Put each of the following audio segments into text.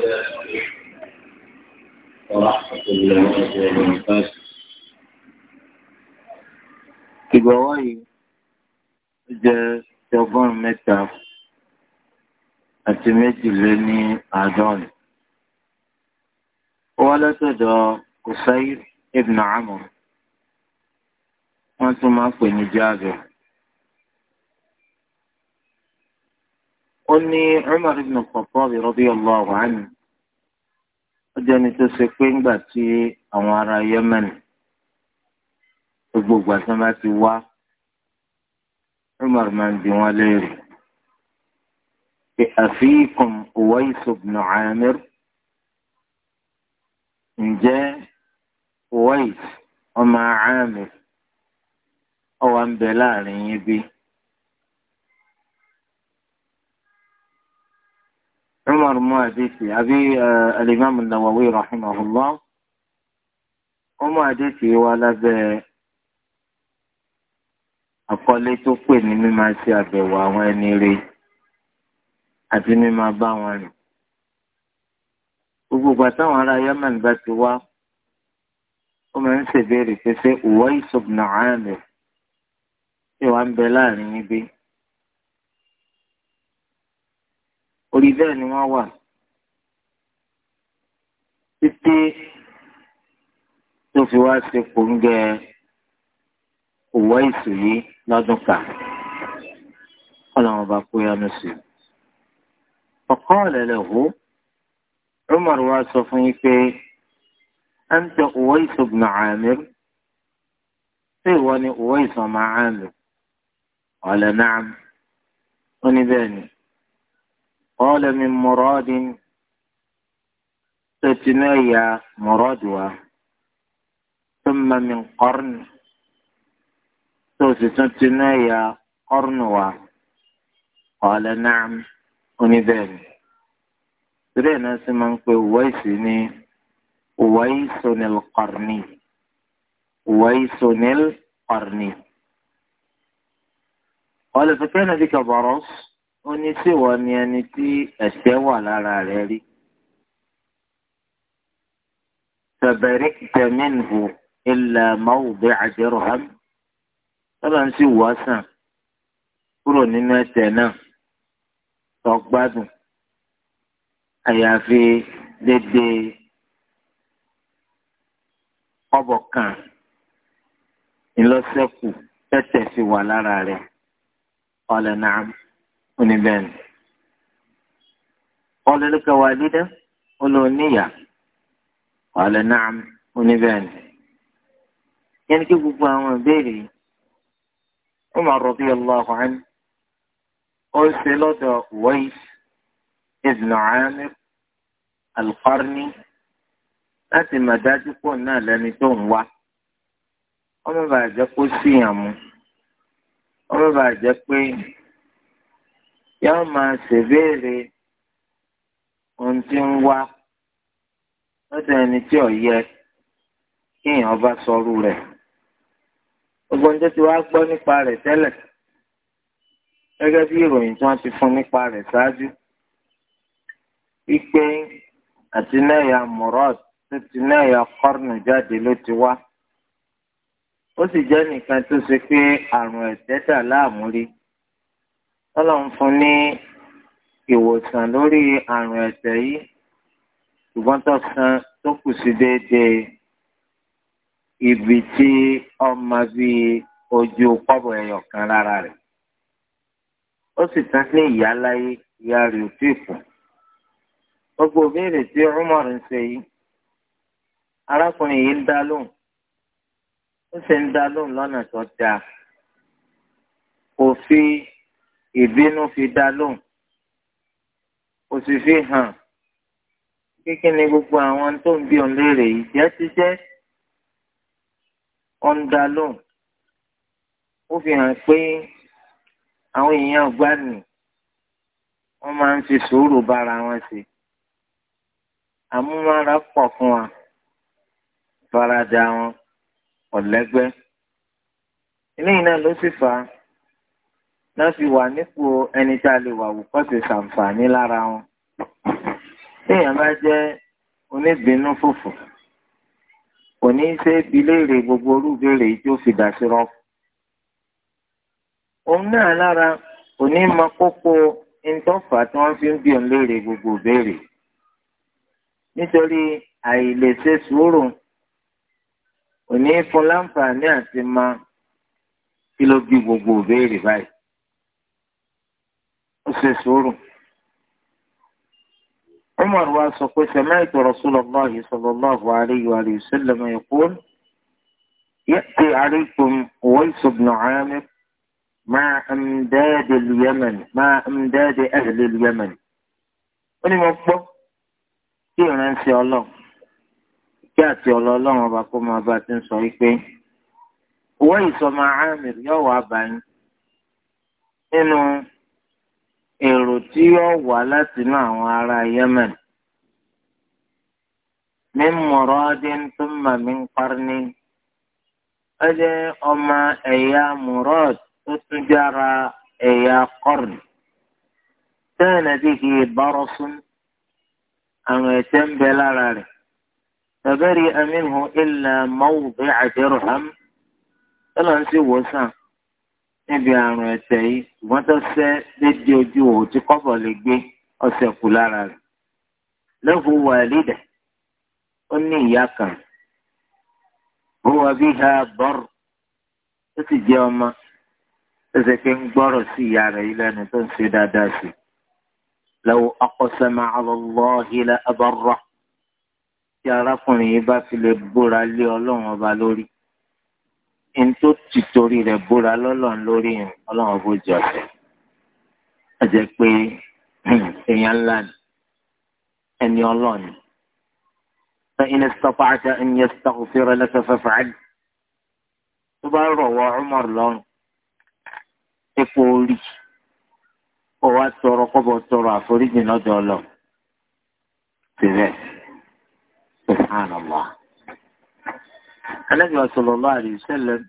وبركاته ورحمة الله وبركاته Ìgbọ̀wọ́ yìí jẹ́ ọgọ́rùn-ún mẹ́ta àti méjìlé ní àádọ́rin. Wọ́n lọ́sọ̀dọ̀ Kùsáyìr ibn Amr. Wọ́n tún máa ń pè ní Jábìrì. ó ní Umar ibn al-Khattab radiyallahu anhu ó jẹ́ ẹni tó ṣe pé ńgbà tí àwọn ará Yemen gbogbo ìgbà tí wọ́n bá ti wá Umar máa ń bi wọ́n léèrè pé afikum Uwais ibn Amir ǹjẹ́ Uwais ọmọ Amir ó wà ń bẹ láàrin yín bíi. عمر مو حديثي أبي آه الإمام النووي رحمه الله ọmọ àdéhìí wa lábẹ́ àkọlé tó pè ní mímá ṣe àbẹ̀wò àwọn ẹni rí àti mímá bá wọn rìn. gbogbo ìgbà táwọn ará Yemen bá ti wá ó máa ń ṣèbéèrè pé ṣé ìwọ ìṣòbùnà ààrẹ tí wàá ń bẹ láàrin níbí orí bẹ́ẹ̀ ni wọ́n wà títí tó fi wá sí kòńgẹ́ òwò ìsù yìí lọ́dún kan ọlọ́run bá kó yánu sí i. ọ̀kan ọ̀lẹ́lẹ̀ hó Umar wa sọ fún yín pé anta Uwais ibn Amir ṣé ìwọ ni Uwais ọmọ Amir ọ̀lẹ́ náà ó ní bẹ́ẹ̀ ni. قال من مراد تتنايا مرادها ثم من قرن تتنايا قرنها قال نعم ونذاني ترينا ẹ̀ náà ويسن máa ń pe wáìsì قال فكان بك برص ó ní ṣèwọ ni ẹni tí ẹ̀ṣẹ̀ wà lára rẹ̀ rí. tabarikta minhu illa mawdi'a dirham tọ́lá ń sì wọ́ sàn kúrò nínú ẹ̀ṣẹ̀ náà tó gbádùn àyàfi dédé kọ́bọ̀ kan ńlọ́sẹ̀kù tẹ̀tẹ̀ sí wà lára rẹ̀ ọ̀lẹ̀ náà ó ní bẹ́ẹ̀ ni. قال لك والدة ó lọ níyà قال نعم ó ní bẹ́ẹ̀ ni. yẹn kí gbogbo àwọn ìbéèrè Umar radiyallahu anhu ó ń ṣe lọ́dọ̀ Uwais ibn Amir al láti mà dájú pọ̀ náà lẹ́ni tó ń wá ọmọ bàjẹ́ kó síyàn mú ọmọ bàjẹ́ pé yóò máa ṣèbéèrè ohun tí ń wá lọ́dọ̀ ẹni tí ò yẹ kí èèyàn bá sọrú rẹ̀. gbogbo oúnjẹ tí wàá gbọ́ nípa rẹ̀ tẹ́lẹ̀ gẹ́gẹ́ bí ìròyìn tí wọ́n ti fún nípa rẹ̀ ṣáájú. wípé àti náà ya murad tó ti náà ya kọ́rùnù jáde ló ti wá. ó sì jẹ́ nìkan tó ṣe pé àrùn ẹ̀tẹ́tà láàmú Ọlọ́run fún ní ìwòsàn lórí àrùn ẹ̀tẹ̀ yìí ṣùgbọ́n tó san tó kù sí déédéé ibi tí ọmọ bíi ojú pọ́bọ̀ ẹ̀yọ̀ kan lára rẹ̀ ó sì tán sí ìyá láyé ìyá rẹ̀ ò tí ì kù gbogbo ìbéèrè tí Umar ń ṣe yìí arákùnrin yìí ń dá lóhùn ó sì ń dá lóhùn lọ́nà tó dáa kò fi ìbínú fi dá lóhùn kò sì fi hàn kíkín ni gbogbo àwọn tó ń bí òun léèrè yìí jẹ́ ti jẹ́ ó ń dá lóhùn ó fi hàn pé àwọn èèyàn ọgbà nì máa ń fi sùúrù bára wọn sí àmúmára pọ̀ fún wa faradà wọn ọ̀lẹ́gbẹ́ eléyìí náà ló sì fà á náà fi wà nípò ẹni tá a lè wà wò kọ́ sí ṣàǹfààní lára wọn. téèyàn bá jẹ́ oníbínú fòfò kò ní í ṣe bí léèrè gbogbo olúbèrè tí ó fi dà sí òun náà lára kò ní mọ kókó ntọ́fà tí wọ́n fi ń bí òun léèrè gbogbo béèrè. nítorí àìlèṣe sùúrù òní fún láǹfààní àti máa kí gbogbo ìbéèrè báyìí ó ṣe sùúrù. Umar wa sọ pé sami'tu Rasulullahi sallallahu alayhi wa sallam yaqul ya'ti alaykum Uways ibn Amir ma'a amdad al-Yaman ma'a amdad ahli al-Yaman. Ó ní mo gbọ́ kí ìránṣẹ́ ọlọ́run kí àti ọlọ́run ọba kó máa bá ti ń sọ wípé Uways ọmọ Amir yóò wá báyìí nínú èrò tí yóò wá látinú àwọn ará Yemen min muradin thumma min qarni ẹ jẹ́ ọmọ ẹ̀yà murad tó tún jára ẹ̀yà qarni tẹ́ẹ̀nà bí kì í bọ́rọ̀ fún àwọn ẹ̀tẹ́ ń bẹ lára rẹ̀ tàbẹ́rì amínú ilà mọ́wù bí àdérò hàm tọ́lá ń sì wò sàn níbi àrùn ẹ̀sẹ̀ yìí ṣùgbọ́n tó ṣẹ́ dédé ojú òwò tí kọ́bọ̀ lè gbé ọ̀sẹ̀ kù lára rẹ̀ lẹ́hùn wà lídẹ̀ ó ní ìyá kan ó wà bí ha bọ́rù ó sì jẹ́ ọmọ ó sì pé ń gbọ́rọ̀ sí ìyá rẹ̀ yìí lẹ́nu tó ń ṣe dáadáa sí i lẹ́wọ́ aqsama ala Allahi la tí arákùnrin yìí bá fi lè búra lé ọlọ́run ọba lórí nítorí tí torí rẹ̀ búra lọ́lọ́run lórí yẹn ọlọ́run bójú ọ̀sẹ̀ a jẹ́ pé èèyàn ńlá ni ẹni ọlọ́run ni. فإن استطعت أن يستغفر لك فافعل tó bá rọ̀wọ́ Umar lọ́rùn epo orí ó wá tọrọ kọ́bọ̀ tọrọ àforíjì lọ́dọ̀ ọlọ́run síbẹ̀ subhanallah. Ànábì sallallahu alaihi wasallam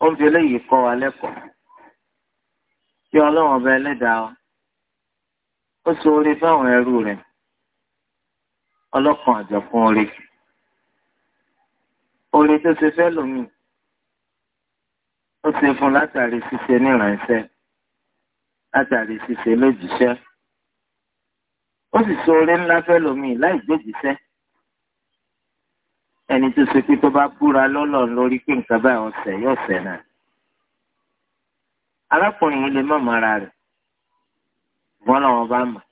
ó ń fi eléyìí kọ́ wa lẹ́kọ̀ọ́ kí ọlọ́run ọba ẹlẹ́dàá ó so orí fáwọn ẹrú rẹ̀ ọlọ́kan àjọ̀kún orí orí tó ṣe fẹ́ lómi ó ṣe fún látàrí ṣíṣe níránṣẹ́ látàrí ṣíṣe lójíṣẹ́ ó sì so orí ńlá fẹ́ lómi láì gbèjíṣẹ́ ẹni tó ṣe pé tó bá búra lọ́lọ́ lórí pé nǹkan báyìí ọ̀sẹ̀ yóò ṣẹ̀ náà. arákùnrin yìí lè mọ̀ mọ́ra rẹ̀ wọ́n làwọn bá mọ̀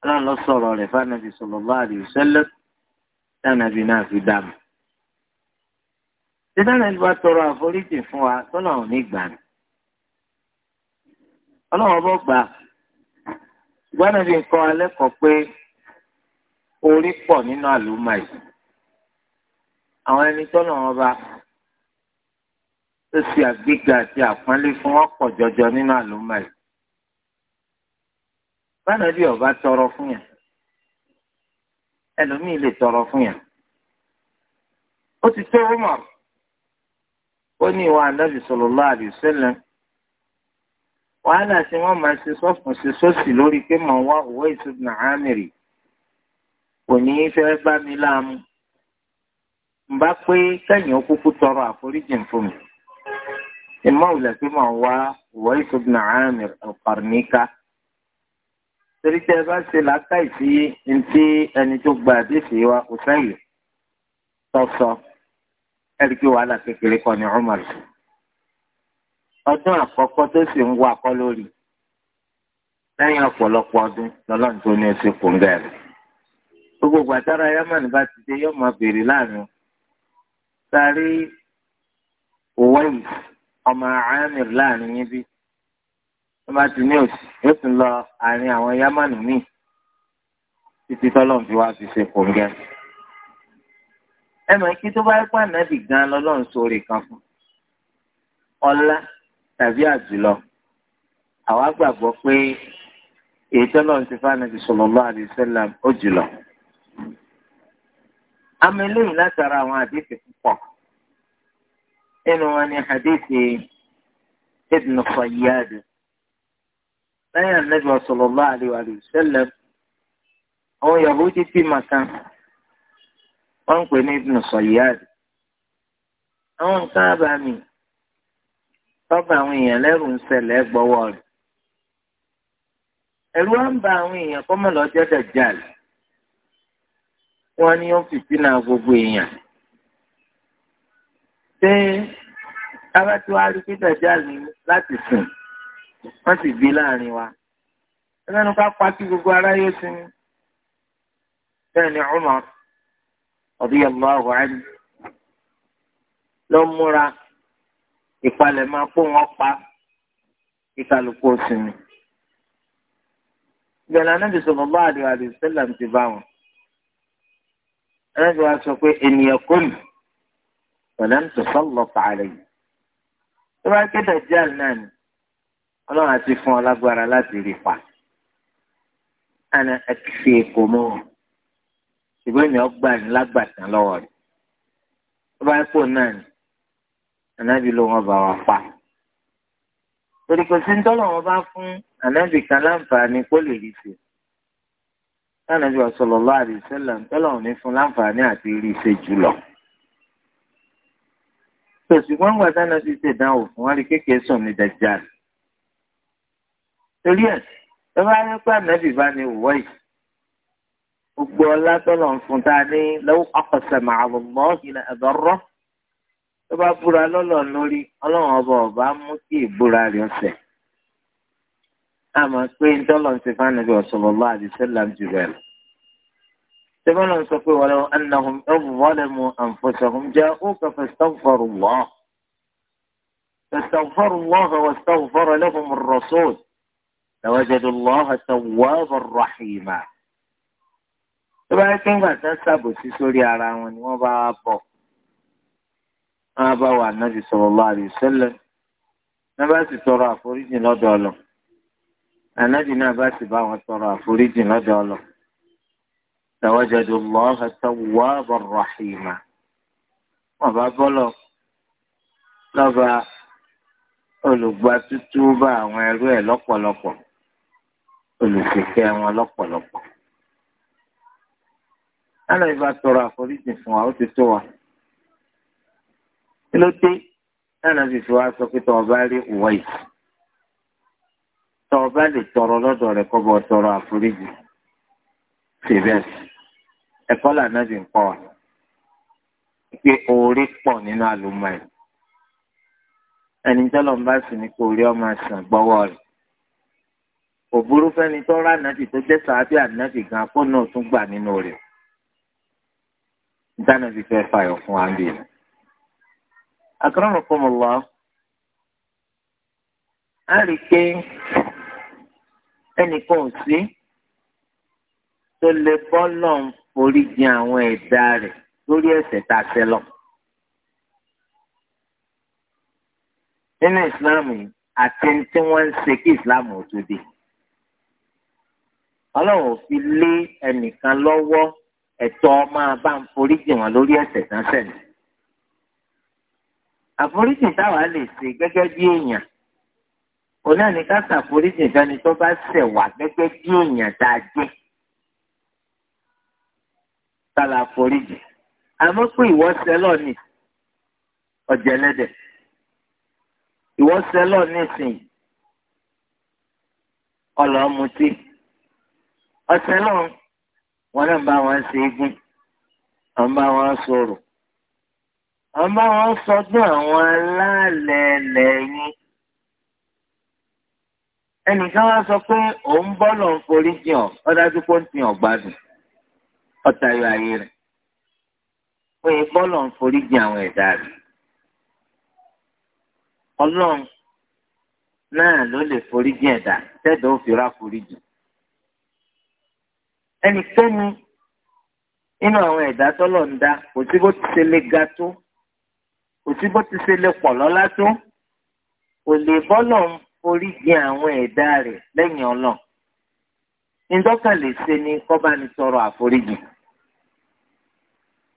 ọlọ́run lọ sọ̀rọ̀ rẹ̀ fánàbí sallallahu alaihi wasallam tánàbí náà fi dá mọ̀. títí náà bá tọrọ àforíjì fún wa tọ́lọ́run ní gbà ní. ọlọ́run bọ́ gbà gbọ́dọ̀ fi kọ́ alẹ́ pé orí pọ̀ nínú àlùmọ́ àwọn ẹni tọ́nà wọn bá tó ṣe àgbéga àti àpọ́nlé fún wọn pọ̀ jọjọ nínú àlùmọ́ yìí. báyọ̀ bí ọba tọrọ fún yàn ẹlòmíì lè tọrọ fún yàn. ó ti tó Umar ó ní ìwà ànábì sallallahu alaihi wasallam wàhálà tí wọ́n máa ṣe sọ́fún ṣe sọ́sì lórí pé màá wá òwe ìṣúná àmìrì kò ní í fẹ́ bá mi láàmú n bá pé sẹ́yìn ó kúkú tọrọ àforíjì fún mi. ìmọ̀ òlẹ̀ pé wá Uwais ibn Amir al-Qarnika. torí tẹ́ ẹ bá ṣe làákàyè sí ntí ẹni tó gba àdéhùn wa kò sẹ́yìn tọ́sọ ẹ̀rí pé wàhálà kékeré kan ní Umar. ọdún àkọ́kọ́ tó sì ń wá akọ́ lórí lẹ́yìn ọ̀pọ̀lọpọ̀ ọdún lọ́lọ́run tó ní oṣù kùngẹ́rì. gbogbo gbàtàrà yamani bá ti dé yọ́ọ́ sáré Uwais ọmọ Amir láàrin yín bí wọ́n bá ti ní òsì yóò tún lọ àárín àwọn Yámánù míì títí tọ́lọ́n fi wá fi ṣe kòǹgẹ́. ẹ mọ̀ kí tó bá pa nàbì gan lọ́lọ́run sóore kan fún ọlá tàbí àjùlọ àwa gbàgbọ́ pé èyí tọ́lọ́run ti fánàbì sallallahu alaihi wasallam ó jùlọ àmì lóyún látara àwọn àdéhìí púpọ̀ nínú wọn ni àdéhìí Ibn Khayyad lẹ́yìn ànábì sallallahu alaihi wa sallam àwọn Yahudi ti màkàn wọ́n ń pè ní Ibn Khayyad àwọn nǹkan àbàmì tọ́gbà àwọn èèyàn lẹ́rù ń ṣẹlẹ̀ gbọ́wọ́ rẹ̀ ẹ̀rù á ń ba àwọn èèyàn kọ́mọ̀lọ́jọ́ dàjálì wọn ní ó fìtínà gbogbo èèyàn ṣé abájọ arígbèdà jáde láti sùn wọn sì gbé láàrin wa ẹlẹ́nu ká pa kí gbogbo aráyé sinmi bẹ́ẹ̀ ni Umar radiyallahu anhu ló múra ìpalẹ̀mọ́ kó wọ́n pa ìkàlùkù òsìmì. ìgbàlá Ànábì sallallahu alaihi wa sallam ti bá wọn ẹlẹ́sìn wa sọ pé ènìyàn kò mí pẹ̀lẹ́ ń tọ́sọ́ lọ pààlẹ́ yìí tó bá kéde díẹ̀ náà ni ọlọ́run àti fún ọ lágbára láti rí pa àná ẹ̀kíṣe èkó mọ́ ọ ṣùgbọ́n ènìyàn gbà ní lágbàtàn lọ́wọ́ rẹ̀ tó bá kó náà ni ànábì ló wọn bá wa pa torí kò sí ń tọ́lọ̀ wọn bá fún ànábì kan láǹfààní kó lè rí sí i. Ànábì sallallahu alaihi wasallam tọ́lọ́run ní fún láǹfààní àti rí iṣẹ́ jù lọ. Tòṣùgbọ́n gbà sáà náà ti ṣe ìdánwò fún wọn rí kékeré sùn ní Dajjal. Torí ẹ̀ ẹ bá rí pé ànábì bá ní òwò yìí. Gbogbo ọlá tọ́lọ̀ fún ta ní law aqsama ala Allahi la abarrah. Tó bá búra lọ́lọ́ lórí ọlọ́run ọba ọba mú kí ìbúra rẹ̀ ọ̀sẹ̀ a mọ̀ pé ntọ́lọ̀ ń sèfà nàbí sallallahu alaihi wasallam jù bẹ́ẹ̀ lọ. sẹ́fọ́n náà sọ pé walaw annahum zalamu anfusahum ja'uka fastaghfirullah fastaghfirullah wastaghfara lahum ar-rasul lawajadullaha tawwaban rahima. tó bá yẹ kí ngbà tán ṣàbòsí sórí ara wọn ni wọ́n bá wá bọ̀ wọ́n bá wà nàbí sallallahu alaihi náà bá sì tọrọ ànábì náà bá sì bá wọn sọ̀rọ̀ àforíjì lọ́dọ̀ ọlọ tawajjadullaha tawwaban rahima wọn bá bọlọ lọba olùgbà tútù bá àwọn ẹrú ẹ̀ lọ́pọ̀lọpọ̀ olùkèké wọn lọ́pọ̀lọpọ̀ alẹ́ ìbá tọrọ àforíjì fún wa ó ti tó wa kí ló dé náà náà sì sọ pé tọ́ ọ rí ìwọ yìí. tọ́ bá lè tọrọ lọ́dọ̀ rẹ̀ kọ́ bọ́ tọrọ àforíjì síbẹ̀ ẹ̀kọ́ làná sì ń pọ̀ pé orí nínú ẹni tọ́lọ̀ ń bá sì ní kó orí ọmọ àṣàn gbọ́wọ́ rẹ̀ òbúrú fẹ́ni tó rà tó sàábì ànábì gan kó náà tún gbà nínú lọ a. rí i pé ẹnìkan ò sí tó lè bọ́lọ̀ ń forí jìn àwọn ẹ̀dá rẹ̀ lórí ẹ̀ṣẹ̀ tá a ṣẹ̀ lọ. nínú ìsìláàmù yìí àti tí wọ́n ń ṣe kí ìsìláàmù ò tó dé. ọlọ́run ò fi lé ẹnìkan lọ́wọ́ ẹ̀tọ́ máa bá ń forí jìn wọn lórí ẹ̀ṣẹ̀ tá a àforíjì táwa lè ṣe gẹ́gẹ́ bí èèyàn òun náà ní ká ṣàforíjì ìfẹ́ni tó bá ṣẹ̀ wá gẹ́gẹ́ bí èèyàn tá a jẹ́ kálá foríjì àmọ́ pé ìwọ sẹ́lọ̀ ní ọ̀jẹ̀ ẹlẹ́dẹ̀ ìwọ sẹ́lọ̀ nísìn ọlọ́mutí ọ̀sẹ̀lọ̀ wọn náà bá wọn ṣe é gún wọn bá wọn sọ̀rọ̀ wọn bá wọn sọdún àwọn aláàlẹ̀ lẹ́yìn ẹnìkan wá sọ pé òun bọ́lọ̀ ń forí jìn ọ́ ọ́dájú pé ó ń tin ọ̀gbádùn ọ̀tayọ ayé rẹ̀ pé bọ́lọ̀ ń forí jìn àwọn ẹ̀dá rẹ̀ ọlọ́run náà ló lè forí jìn ẹ̀dá tẹ́dọ̀ ó fi rá forí jìn ẹnikẹ́ni nínú àwọn ẹ̀dá tọ́lọ̀ ń dá kò sí bó ti ṣe lè ga tó kò sí bó ti ṣe lè pọ̀ lọ́lá tó kò lè bọ́lọ̀ ń oríṣi àwọn ẹ̀dá rẹ̀ lẹ́yìn ọlọ́ ǹdọ́kà lè ṣe ni kọ́ba ni sọ̀rọ̀ àforíjì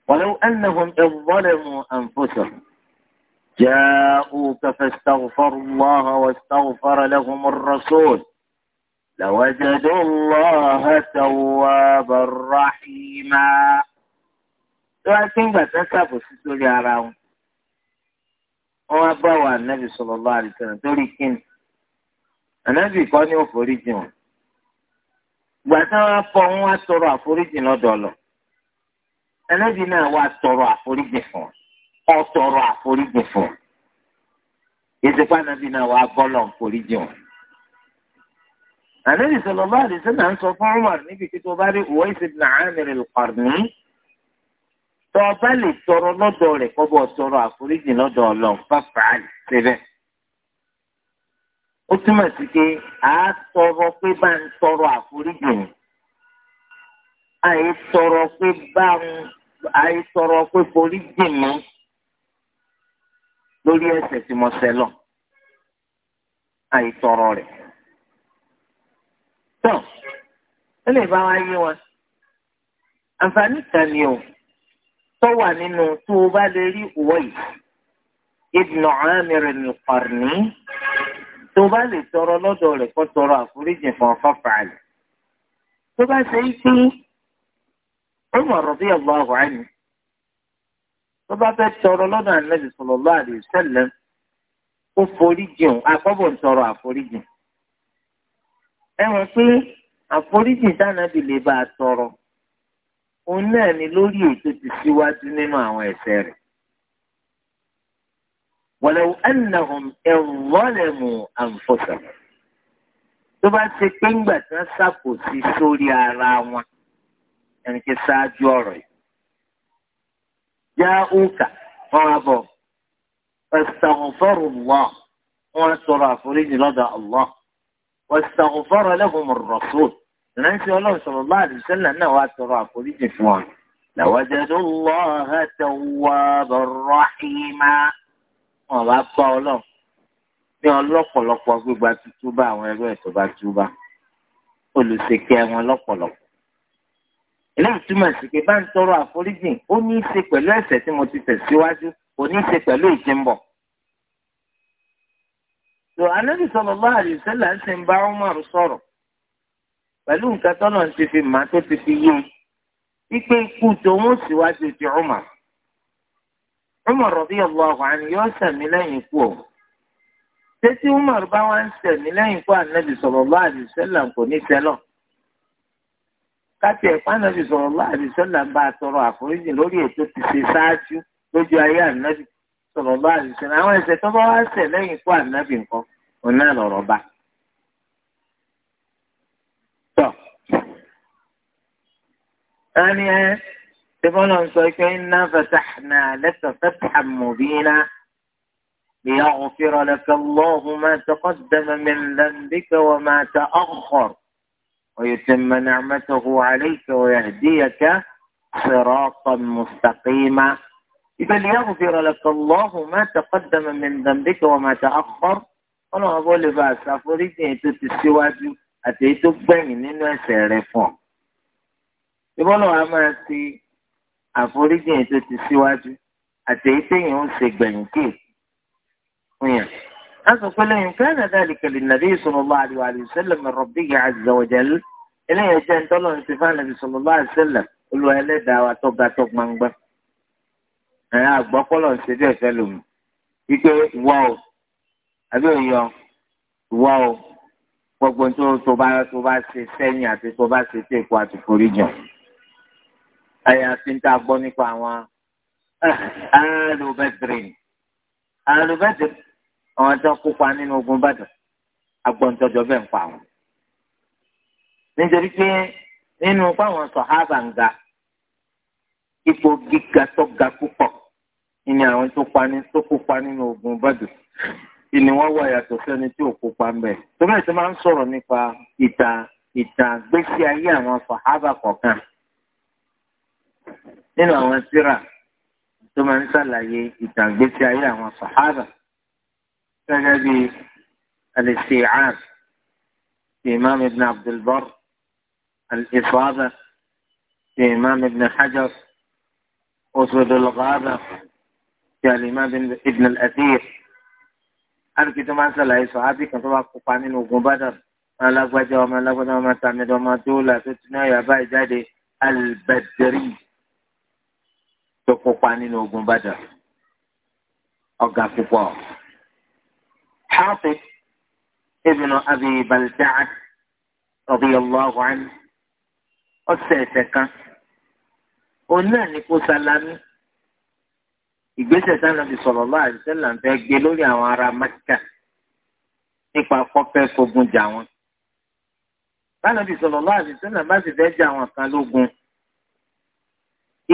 wàlẹ́wò ẹnìhùn ẹ̀wọ́lẹ̀mù ànfọ́sọ̀ جاءوك فاستغفروا الله واستغفر لهم الرسول لوجدوا الله توابا رحيما لكن بتسابوا سيدو لي أراهم وما بوا النبي صلى الله عليه وسلم دوري كنت ànábì kọ́ ní òforíjì wọn gbà táwọn afọ wọn wá tọrọ àforíjì lọ́dọ̀ lọ ànábì náà wá tọrọ àforíjì fún ọ tọrọ àforíjì fún ìsìnkú ànábì náà wá bọ́lọ̀ òforíjì wọn. ànábì sallallahu alaihi wasallam ń sọ fún Umar níbi tí tó bá rí Uwais ibn Amir al-Qarni tọ́ ọba lè tọrọ lọ́dọ̀ rẹ̀ kọ́ bọ́ tọrọ àforíjì lọ́dọ̀ ọlọ́run fáfáà síbẹ̀ ó túmọ̀ sí pé a á tọrọ pé bá ń tọrọ àforíjì ni àì tọrọ pé bá ń àì tọrọ pé forí jì mí lórí ẹ̀ṣẹ̀ tí mo ṣẹ̀ lọ àì tọrọ rẹ̀ tán lè bá wa yé wa àǹfààní kan ni o tó wà nínú tó o bá lè rí òwò yìí ibnu Amir al-Qarni tó bá lè tọrọ lọ́dọ̀ rẹ̀ kó tọrọ àforíjì fún ọ fáfàlẹ̀ tó bá ṣe é pín Umar radiyallahu anhu tó bá fẹ́ tọrọ lọ́dọ̀ Ànábì sallallahu alaihi wasallam ó foríjì òun àkọ́bọ̀ ń tọrọ àforíjì ẹ wọ́n pé àforíjì sànàbì lè bá a tọrọ òun náà ni lórí ètò ti síwájú nínú àwọn ẹ̀ṣẹ̀ rẹ̀ ولو أنهم إن ظلموا أنفسهم tó bá ṣe pé ńgbà tí wọ́n ṣàkóso sórí ara wọn ẹni kí ṣáájú ọ̀rọ̀ yìí já òǹkà wọn á bọ̀ astaghfirullah wọn á tọrọ àforíjì lọ́dọ̀ Allah wastaghfara lahum ar-rasul ìránṣẹ́ ọlọ́run sallallahu alaihi wasallam náà wàá tọrọ àforíjì fún wọn lawajadu Allaha tawwaban rahima. wọn wá gbọ́ ọlọ́run ní ọlọ́pọ̀lọpọ̀ gbígba túbá àwọn ẹrú ẹ̀ tó bá túbá olùṣèkẹ́ wọn lọ́pọ̀lọpọ̀. eléyìí túmọ̀ sí pé bá ń tọrọ àforíjìn ó ní í ṣe pẹ̀lú ẹ̀ṣẹ̀ tí mo ti tẹ̀ síwájú kò ní í ṣe pẹ̀lú ìjìnbọ̀. tó anábì sallallahu alaihi wasallam ṣe ń bá Umar sọ̀rọ̀ pẹ̀lú nǹkan tọ́nà ti fi màá tó ti fi yé wípé ikú tòun ó síwájú ti Umar. Umar radiyallahu anhu yóò sẹ̀mí lẹ́yìn ikú o. Tẹ́tí Umar bá wá ń sẹ̀mí lẹ́yìn ikú ànábì sallallahu alaihi wasallam kò ní sẹ́lọ̀. Káti ẹ̀pá ànábì sallallahu alaihi wasallam bá a tọrọ àforíjì lórí ètò ti ṣe ṣáájú lójú ayé ànábì sallallahu alaihi wasallam. Àwọn ẹ̀ṣẹ̀ tó bá wá sẹ̀ lẹ́yìn ikú ànábì nǹkan òun lọ̀rọ̀ bá. Tọ́ ẹni ẹ تفعل إنا فتحنا لك فتحا مبينا ليغفر لك الله ما تقدم من ذنبك وما تأخر ويتم نعمته عليك ويهديك صراطا مستقيما إذا ليغفر لك الله ما تقدم من ذنبك وما تأخر أنا أقول بأس أفريد أنت تستواج أتيت بين إنه سيرفون يقولوا أما سي àforíjì yẹn tó ti síwájú àti èyí téèyàn ń ṣe gbẹ̀yìn kì í fún yàn. a sọ pé lẹ́yìn kí ẹ̀rọ dáàlì kẹlẹ̀ nàbí sallallahu alaihi wasallam rabbihi azza wa jalla eléyìí jẹ́ ntọ́lọ́ ní ti fún ànàbì sallallahu alaihi wasallam olùwà ẹlẹ́dàá wa tọ́ga tó gbangba. ẹ̀yà àgbọ́kọ́lọ̀ ń ṣe bẹ́ẹ̀ fẹ́ lòmù wípé wá o àbí òyìn wá o gbogbo tó bá ṣe sẹ́yìn àti tó bá ṣe tẹ̀kọ́ àyàfi ń a gbọ́ nípa àwọn alubẹ́dìrín eh, alubẹ́dìrín àwọn tó kópa nínú ogun bàdàn agbọ́ntọ́jọ́ bẹ́ẹ̀ ń pa wọn. nítorí pé nínú fáwọn sọ̀hábà ń ga ipò gíga tó ga púpọ̀ ni àwọn tó kópa nínú ogun bàdàn ìní wọn wà yàtọ̀ sẹ́ni tí ò kópa ń bẹ̀. tó bẹ́ẹ̀ tó máa ń sọ̀rọ̀ nípa ìtàn ìtàn gbésí ayé àwọn sọ̀hábà kọ̀ọ̀kan. nínú àwọn síra tó máa ń ṣàlàyé ìtàgbésí ayé àwọn sàhábà gẹ́gẹ́ bí al-Isti'ab ti imam ibn abdulbar al-Isaba ti imam ibn hajar usudul ghaba ti al-imam ibn al-Athir alùpùpù tó máa ń ṣàlàyé sàhábì kan tó bá kópa nínú ogun bàdà wọn alágbájá wọn alágbájá wọn máa ta ọmọ wọn máa tó là tó ti naa yà bá yàrá ìjáde al-Badri. tó kópa nínú ogun Badr ọ̀gá púpọ̀. Hafiz ibn Abi Balta'a radiyallahu anhu ọ̀sẹ̀ ẹ̀sẹ̀ kan òun náà ní kó salami ìgbésẹ̀ sanabi sallallahu alaihi wasallam fẹ́ gbé lórí àwọn ará Mẹ́kà nípa kọ́fẹ́ fogun jà wọn. sanabi sallallahu alaihi wasallam bá sì fẹ́ jà wọn kan lógun.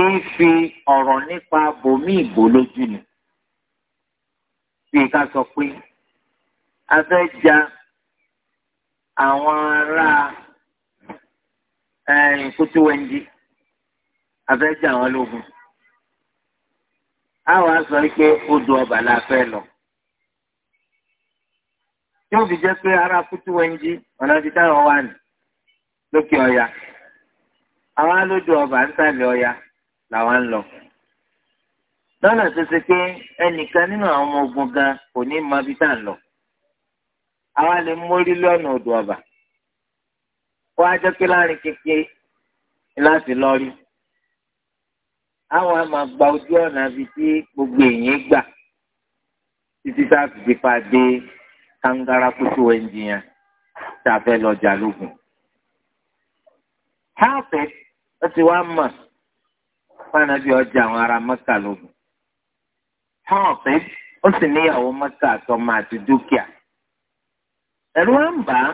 ń fi ọ̀rọ̀ nípa bòmí ìbò lójú ni. Bí ká sọ pé a fẹ́ ja àwọn ará kútúwẹ́ndì, a fẹ́ ja àwọn ológun A wàá sọ pé odò ọba la fẹ́ lọ. Tí ó fi jẹ́ pé ará kútúwẹ́ndì ọ̀nà ti táwọn wà ní lókè ọ̀yà. Àwọn alódò ọba ń sàlẹ̀ ọ̀yà. làwọn ń lọ. lọ́nà tó ṣe pé ẹnìkan nínú àwọn ọmọ ogun gan kò ní mọ ibi tá lọ. àwa lè mórí lọ́nà odò ọ̀bà. kó a jẹ́ pé láàrin kékeré láti lọ rí. àwọn a máa gba ojú ọ̀nà ibi tí gbogbo èèyàn gbà títí tá a fi fi pa dé kangara kótó ẹnjì yẹn tá a fẹ́ lọ jà lógun. Háàpẹ́ ó ti wá mọ̀. fáànàbí ọjà àwọn ará mẹ́kà lógun. ha pé ó sì níyàwó mẹ́kà àtọmọ àti dúkìá. ẹ̀rù wa ń bà á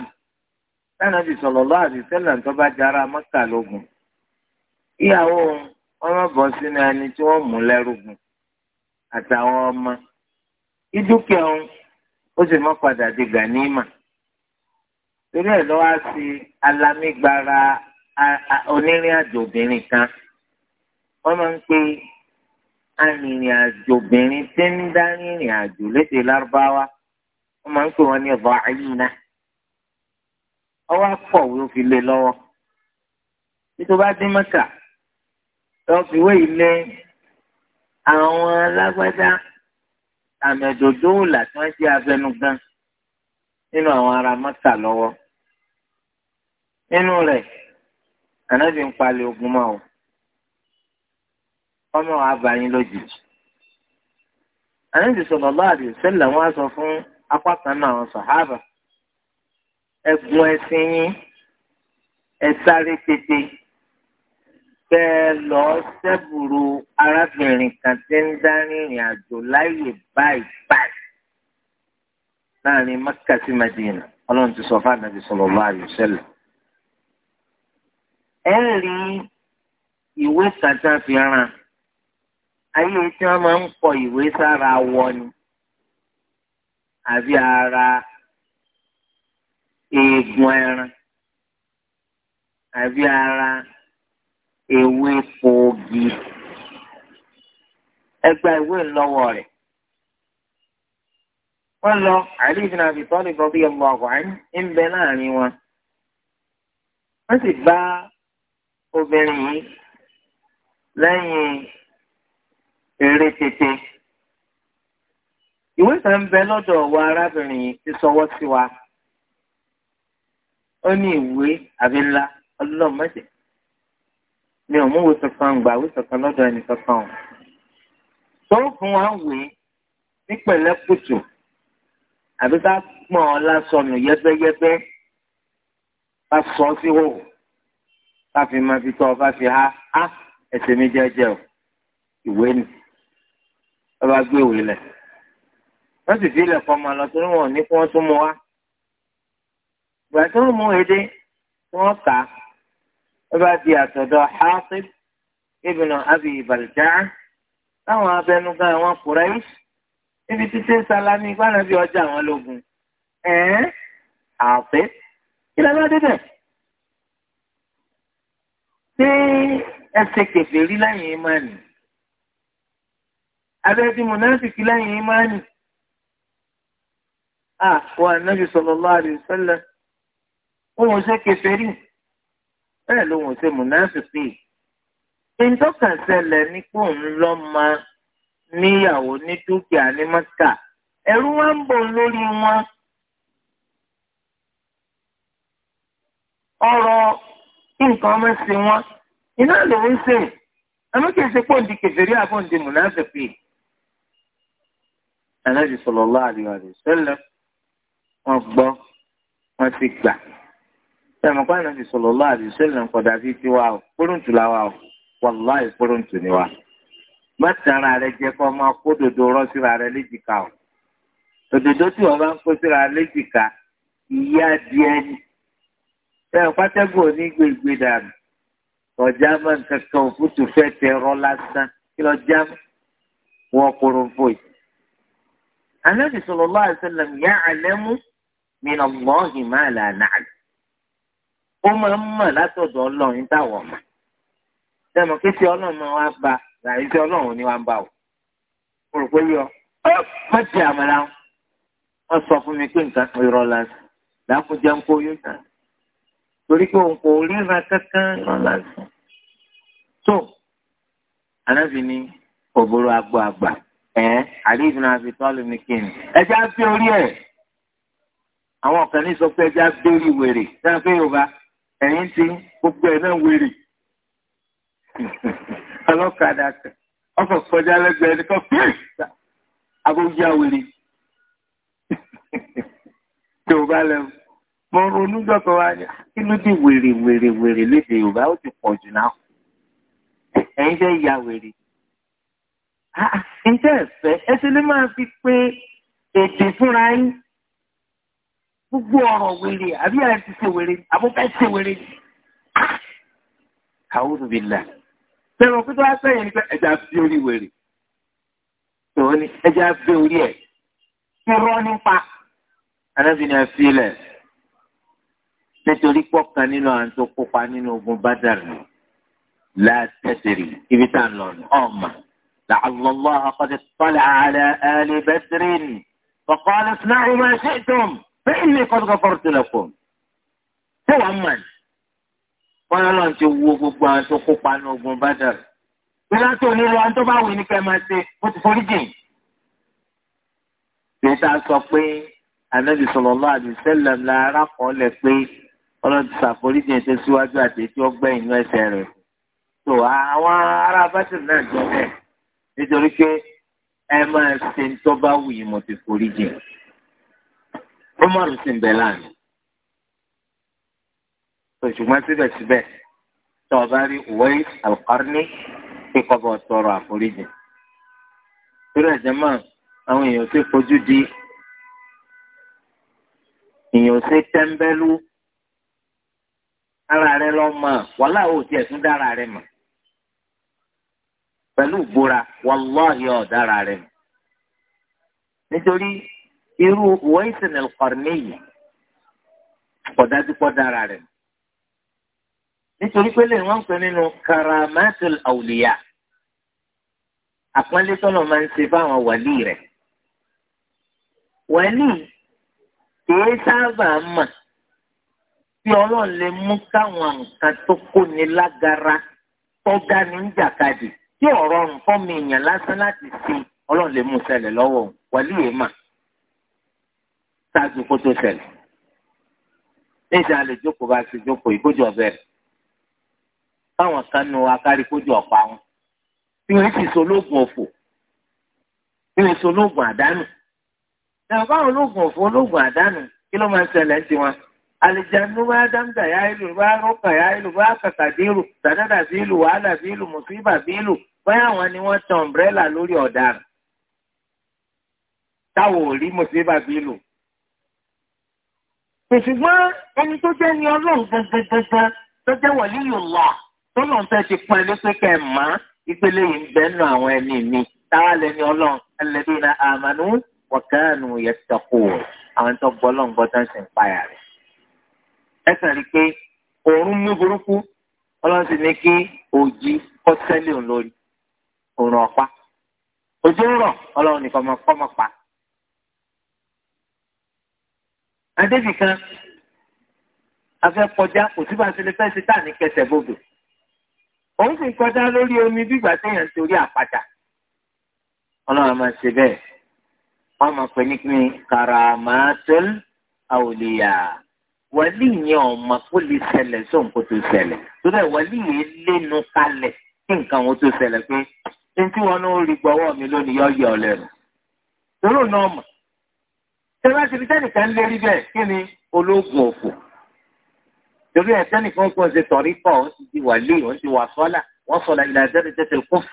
fáànàbí sallallahu alaihi wasallam tó bá jẹ́ ará mẹ́kà lógun. ìyàwó ọlọ́bọ̀ sínú ẹni tí wọ́n mú lẹ́rùgùn àtàwọn ọmọ. ìdúkìá òun ó sì mọ́ padà di gànímà. torí wọ́n máa ń pe arìnrìn-àjò obìnrin tí ń dá rìnrìn-àjò lédè lárúbáwá wọ́n máa ń pè wọ́n ní va'ina ọwọ́ akọ̀wé ó fi lé lọ́wọ́ títí ó bá dé mẹ́kà lọ́ọ́ fi wé ilé àwọn alágbádá àmẹ̀dòdó òòlà tí wọ́n ṣe abẹnugan nínú àwọn ará mẹ́kà lọ́wọ́ nínú rẹ̀ ànábì ń palẹ̀ ogun mọ́ ọ ọmọ abayin lójijì àyẹ̀dì sọ̀rọ̀ láàdì sẹ́lẹ̀ wọ́n á sọ fún apá kan náà àwọn sàhábà ẹ̀gbọ́n ẹ̀sìn yín ẹ sáré tètè kẹ́ ẹ lọ sẹ́bùrú arábìnrin kan tí ń dá rìnrìn àjò láyè báyìí báyìí láàrin Mẹ́kà sí Mẹ́dínà ọlọ́run ti sọ fún àdàbí sọ̀rọ̀ láàdì sẹ́lẹ̀ ẹ rí ìwé kan tí wọ́n fi rán an ayé tí wọ́n máa ń kọ ìwé sára wọ ni àbí ara eegun ẹran àbí ara ewé pòógì ẹgbà ìwé ńlọ́wọ́ rẹ̀ wọ́n lọ Ali ibn Abi Talib radiyallahu anhu ń bẹ láàrin wọn wọ́n sì bá obìnrin yìí lẹ́yìn eré tètè ìwé kan ń bẹ lọ́dọ̀ wa arábìnrin yìí ti sọwọ́ sí wa ó ní ìwé àbí ńlá ọlọ́mọdé mi ò mú ìwé kankan gbà ìwé kankan lọ́dọ̀ ẹnì kankan o tó fún wa ń wé ní pẹ̀lẹ́kùtù àbí ká pọ̀ ọ́ lásọnù yẹ́bẹ́yẹ́bẹ́ ká sọ sí hò ká fi máa fi tọ́ ọ ká fi há ẹsẹ̀ mi jẹ́jẹ́ o ìwé nìyí ẹ bá gbé ìwé lẹ̀ wọ́n sì fi ilẹ̀ kọ́ máa lọ torí wọn ò ní kí wọ́n tún mú wá ìgbà tó ń mú èdè tí wọ́n kà á ẹ bá di àtọ̀dọ̀ Hatib ibn Abi Balta'a táwọn abẹnugan àwọn Quraysh níbi títí sálámì gbànàbí ọjà àwọn lógun ẹ̀ẹ́n àpé kí lè má ṣé ẹsẹ̀ kẹfẹ́ rí láyìn ìmọ̀ nìyí abẹ́ẹ̀dì mùnáfìkì lẹ́yìn ìmáànì àwọn ànábì sallallahu alaihi wasallam òun ṣe kèfèrí bẹ́ẹ̀ ló wọ́n ṣe mùnáfìkì ìtọ́kànṣẹlẹ̀ ní kó òun lọ́ máa níyàwó ní dúkìá ní mọ́tà ẹ̀rú wa ń bọ̀ lórí wọn. ọ̀rọ̀ nǹkan ọmọ sí wọn iná ló ń sè àmọ́ kìí ṣe pòǹdì kèfèrí àbòǹdì mùnáfìkì. Ànábì sallallahu alaihi wasallam wọ́n gbọ́ wọ́n ti gbà ẹ̀mọ̀ pa Ànábì sallallahu alaihi wasallam kọ̀dà sí tiwa o kúrúǹtù la wa o wàláì kúrúǹtù ni wa mọ́tàrà rẹ jẹ́ kó máa kó dòdò rọ́ síra rẹ léjìká o òdòdó tí wọ́n bá ń kó síra léjìká ìyá díẹ̀ ni ẹ̀mọ̀ pátẹ́gùn onígbègbè dànù ọjà máa ń kankan òfútù fẹ́ tẹ ẹ̀rọ lásán kí lọ já wọn kúrò yìí anabi sallallahu alaihi wasallam ya'lamu min Allahi ma la na'lam ó máa ń mọ̀ látọ̀dọ̀ ọlọ́run táwọn ọmọ sẹ́mu kí tí ọlọ́run máa wá bá làyé tí ọlọ́run ni wá ń bá o mo rò pé yọ ọ má ti àmàlà wọn sọ fún mi pé nǹkan kan irọ́ lásán làákùjẹ ń kó yóò tán torí pé òun kò ríra kankan irọ́ lásán tó anábìíní òbúrò agbó àgbà ẹ Ali ibn Abi Talib ní kíni ẹjẹ á gbé orí ẹ àwọn kan ní sọ pé ẹjẹ á gbé orí wèrè sẹ́yìn pé yorùbá ẹ̀yìn ti gbogbo ẹ̀ náà wèrè ọlọ́kadà kan ọkọ̀ kọjá lẹ́gbẹ̀ẹ́ ẹni kan fíìsì agbójá wèrè yorùbá lẹ́wọ̀ mo ronú jọ̀kọ̀ wá ní inú ah, di wèrè wèrè wèrè lédè yorùbá ó ti pọ̀ jù náà ẹ̀yin fẹ́ ya wèrè. Ah, ah, ǹjẹ́ ẹ̀fẹ́ ẹ ti lè máa fi pé ètè fúnra yín gbogbo ọ̀rọ̀ wèrè àbí àyè ti ṣe wèrè àbúkẹ́ ṣe wèrè ni. àwọn olùbílà sẹ́wọ̀n kí tó wá sẹ́yìn nípa ẹja fi orí wèrè tòun ni ẹja fi orí ẹ̀ fi rọ́ nípa anábìnrin àfilẹ̀ nítorí pọ́kàn nínú àwọn tó kópa nínú ogun bádàrú látẹ̀sẹ̀rì ibi tá à ń lọ ọ̀ma. لعل الله قد اطلع على آل بدر فقال اصنعوا ما شئتم فإني قد غفرت لكم tó wàá mọ̀ ní. wọ́n lọ́n ti wo gbogbo àwọn tó kópa ní ogun Badr. ìlà tó ní lọ tó bá wù ní kẹ́ máa ṣe ó ti forí jìn. Bẹ́tà sọ pé Ànábì sallallahu alaihi wasallam la arákọ̀ọ́lẹ̀ pé ọlọ́run ti ṣàforíjìn tó síwájú àti tí ó gbẹ̀yìn ní ẹsẹ̀ rẹ̀. tó àwọn ará Badr náà jọ bẹ́ẹ̀ nítorí pé ẹ máa ṣe ń tọ́ bá wù yìí mo ti forí jì Umar sì ń bẹ láàánú ṣùgbọ́n síbẹ̀síbẹ̀ tí wọ́n bá rí ìwé alqarni kíkọ́ bọ̀ tọrọ àforíjì torí ẹ̀jẹ̀ máa àwọn èèyàn ti fojú di èèyàn ṣe tẹ́ńbẹ́lú ara rẹ lọ́mọ wàhálà ò tiẹ̀ tún dára rẹ mọ̀ pẹ̀lú ìbora wàláhì ọ̀dára rẹ̀ nítorí irú wẹ́ẹ̀sìn ẹ̀kọ́rẹ́yì kọ̀dájú pọ̀ dára rẹ̀ nítorí pé lè wọ́n ń pè nínú karamatul awliya àpọ́nlé tọ́lọ̀ máa ń ṣe fáwọn wàlí rẹ̀ wàlí kìí sábà mà tí ọlọ́run lè mú káwọn nǹkan tó kóni lágara tó dání ń jàkadì tí ọ̀rọ̀ nǹkan mi èèyàn lásán láti ṣe ọlọ́run lè mú ṣẹlẹ̀ lọ́wọ́ wàlí yìí mà ṣáàjú kó tó ṣẹlẹ̀ níṣẹ́ a lè jókòó bá ṣe jókòó ìkójọ bẹ̀rẹ̀ báwọn kan nu akárí kójọ ọ̀pá wọn bí wọ́n sì sológun òfò bí wọ́n sológun àdánù ẹ̀rọ báwọn ológun òfò ológun àdánù kí ló máa ń ṣẹlẹ̀ ń tiwọn alìjẹnu bá dáńdà yá ìlú bá rọkà yá ìlú bá kàkàdé ìlú dàdàdà sí ìlú wàhálà sí ìlú mùsíbà sí ìlú báyà wọn ni wọ́n tan ọ̀mbrẹ́là lórí ọ̀daràn táwọn ò rí mùsùlùmí bí lò. ṣùgbọ́n ẹni tó jẹ́ ni ọlọ́run gbẹgbẹgbẹgbẹ tó jẹ́ waliyullah tó lọ́n fẹ́ ti pọn ẹni pé kẹ́ ẹ̀ mọ́ ìpele yìí ń bẹ́ nù àwọn ẹni mi táwa lẹni ọlọ́run alladhina amanu wa kanu yattaqun àwọn tó gbọ́ lọ́n gbọ́ tán sì ń payà rẹ̀. ẹ sàn rí i pé òórùn mú burúkú ọlọ́run sì ní kí òjì kọ́ sẹ́lẹ̀ lórí òrùn ọ̀pá òjò ń rọ̀ ọlọ́run nìkan mọ̀ kọ́ mọ̀ pa. adébì kan afẹ́ kọjá kò tí bá ṣe lè fẹ́ ṣe tá à ní kẹsẹ̀ bòbò òun sì kọjá lórí omi bígbà téèyàn torí àpáta ọlọ́run máa ṣe bẹ́ẹ̀ wọ́n máa pè ní kí karamatul awliya wàlí yẹn ọmọ kó lè ṣẹlẹ̀ sóhun kó tó ṣẹlẹ̀ tó bẹ́ẹ̀ wàlí yẹn lẹ́nu kalẹ̀ kí nǹkan wọn tó ṣẹlẹ̀ pé ntí wọn náà rí gbọ́wọ́ mi lónìí yọ yọ lẹ́nu toró náà mọ̀ tẹ́lá ti fi tẹ́nìkan lérí bẹ́ẹ̀ kí ni ológun òkú torí ẹ̀ tẹ́nìkan kún ṣe tọ̀rí pọ̀ ó ti di wàlíì ó ti wà sọ́là wọ́n sọ̀rọ̀ ìlànà tẹ́lẹ̀ tẹ́tẹ̀ kún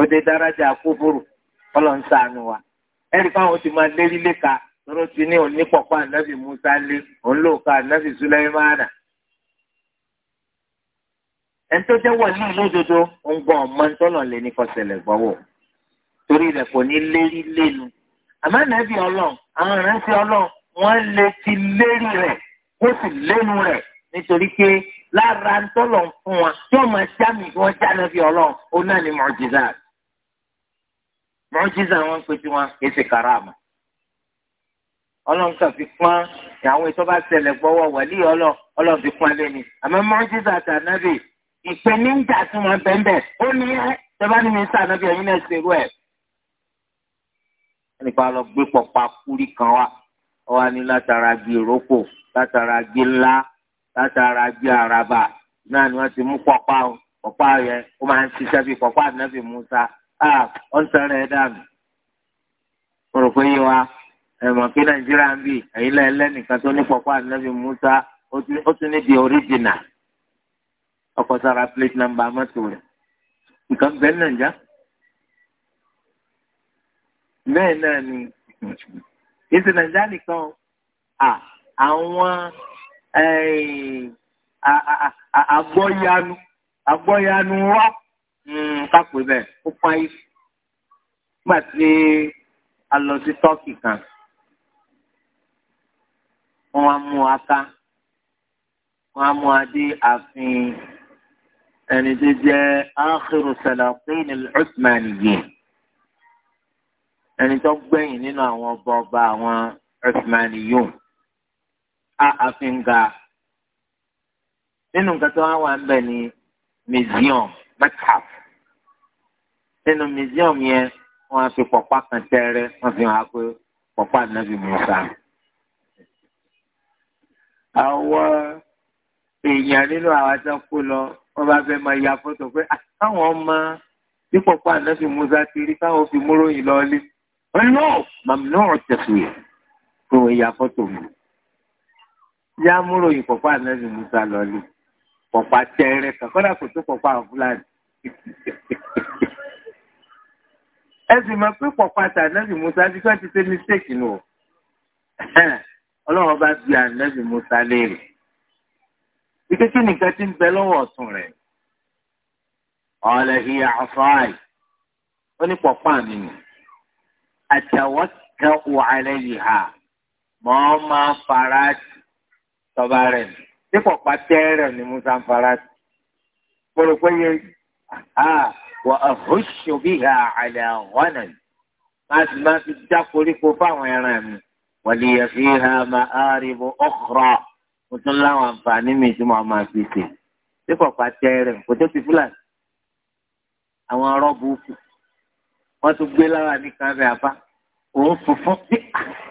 òde dáradà kúfúrú ọlọ́run ṣàánú wa ẹ̀rí fáwọn ti máa lérí léka tọ́rọ́ ti ní onípọ̀pọ̀ ànábì Musa lé òun lóòka ànábì Sulaimana ẹni tó jẹ́ wọ̀lú lódodo ń gbọ́ ọmọ ntọ́nà lé ní kọsẹ̀lẹ̀ gbọ́wọ́ torí rẹ̀ kò ní lérí lénu àmọ́ nàbí ọlọ́run àwọn ìrántí ọlọ́run wọ́n lè ti lérí rẹ̀ ó sì lénu rẹ̀ nítorí pé lára ntọ́lọ̀ ń fún wa tí wọ́n máa jámì kí wọ́n já nàbí ọlọ́run ó náà ní mọ̀jísà mọ̀jísà wọn pe tiwọn kìí ṣe karama ọlọ́run kan fi pọ́n àwọn ètò bá ṣẹlẹ̀ gbọ́wọ́ wọ̀lú ọlọ́run fi pọ́n lẹ́ni àmọ́ mọ̀jísà ìṣẹ́ni ń jà sí wọn bẹ́ẹ̀ ó ní ẹ́ tẹ́bá ní mi sá ànábì ẹ̀yin náà ṣerú ẹ̀. nípa lọ gbé pọ̀pá kúrí kan wá ọ wá ní látara gbé ìrókò látara gbé ńlá látara gbé àràbà náà ni wọ́n ti mú pọ̀pá o pọ̀pá yẹn ó máa ń ṣiṣẹ́ bíi pọ̀pá ànábì Musa ọ̀ ń sọ̀rọ̀ ẹ̀ dànù. mo rò pé yé wa ẹ̀mọ̀ kí Nàìjíríà ń bì ẹ̀yin lẹ́ẹ̀lẹ́ nìkan tó ní pọ̀pá ànábì Musa ó tún ní di oríjìnà ọkọ̀ sára plate number mọ́tò rẹ̀ nǹkan bẹ́ẹ̀ náà já bẹ́ẹ̀ náà ni èsì nàìjíríà nìkan àwọn agbọ́yanu agbọ́yanu rọ́ kápẹ́ bẹ́ẹ̀ ó pa ife nígbà tí a lọ sí tọ́kì kan wọ́n á mú aka wọ́n á mú adé àfin ẹni tó jẹ́ áàkìrù sàlàfíìn ọ̀sùmánìyìn ẹni tó gbẹ̀yìn nínú àwọn ọba ọba àwọn ọ̀sùmánìyìn á àfin ga nínú nǹkan tó wá wà ń bẹ̀ ni museum metcalf nínú museum yẹn wọ́n fi pọ̀pá kan tẹ́rẹ́ wọ́n fi hàn pé pọ̀pá nàbì Mùsá. àwọn èèyàn nínú àwọn aṣọ kó lọ wọn bá fẹ́ máa ya fọ́tò pé ah, káwọn ọmọ dípò pa ànábì musa ti rí káwọn fi múròyìn lọ lé wọn ní náà màmí náà tẹ̀sù yẹ kó wọn ya fọ́tò mi yá múròyìn pọ̀pọ̀ ànábì musa lọ lé pọ̀pọ̀ tẹ́rẹ̀ kàkọ́dà kò tó pọ̀pọ̀ àwọn fúlàní ẹ sì mọ̀ pé pọ̀pọ̀ àti ànábì musa ti fẹ́ ti ṣe mistake nù ọlọ́run bá bi ànábì musa léèrè. Ike kí nìkan ti ń bẹ lọ́wọ́ ọ̀tún rẹ̀? Ọ̀lẹ̀ hiya àfáàì. Ó ní pọ̀pá mi nù. Àtẹ̀wọ́tẹ̀ wà lẹ́yìn ha. Mọ̀ ọ́ máa fara tọba rẹ̀. Ṣé pọ̀pá tẹ́rẹ̀ ni Musa ń fara? Mo rò pé yẹ wà àhóṣù bí ha àlẹ́ àwọn yìí. Má sì máa fi já koríko fáwọn ẹran mi. Wàlíyà fi ha máa áribo ọ̀kúrọ̀ mo tún láwọn àǹfààní mi tí mo máa fi ṣe tí kò pa tẹ́rẹ̀ kò tó ti fúlàní àwọn rọ́ọ̀bù kù wọ́n tún gbé lára ní kábẹ́ àbá òun funfun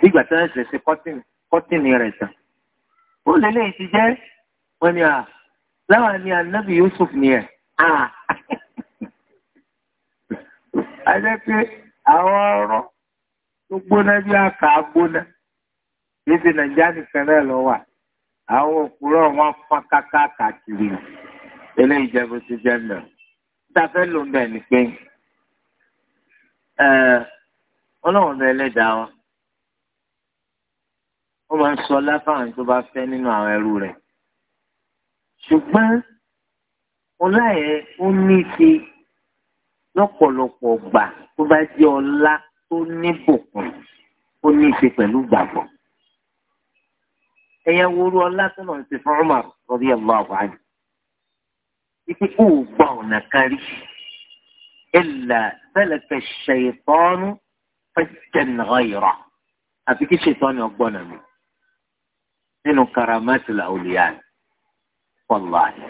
nígbà ah, tí wọ́n ṣe ṣe kọ́tìnì rẹ̀ tán ó lè lè ti jẹ́ wọ́n ní à ah, láwọn ni anabi Yusuf ni ẹ̀ à ah, á jẹ́ pé àwọn ọ̀rọ̀ tó gbóná bí àkà gbóná Nàìjíríà nìkan náà lọ wà àwọn òkúrọ̀ wọn fọ́n káká káàkiri eléyìí jẹ́ bó ti jẹ́ mẹ́. Táfẹ́ ló ń bẹ̀ ni pé ọlọ́run bẹ lẹ́dàá wọn. Ó máa ń sọ láfààní tó bá fẹ́ nínú àwọn ẹrú rẹ̀. Ṣùgbọ́n ọlá yẹn ó ní í ṣe lọ́pọ̀lọpọ̀ gbà tó bá jẹ́ ọlá tó ní bòkun ó ní í ṣe pẹ̀lú ẹ̀yẹ wúru ọlá tó náà ń ṣe fún Umar radiyallahu anhu. ìkíkú gba ọ̀nà kárí illa salaka ash-shaytanu fajjan ghayra àfi kí ṣètọ́nù ọgbọ́n nà mí nínú karamatul awliya wallahi.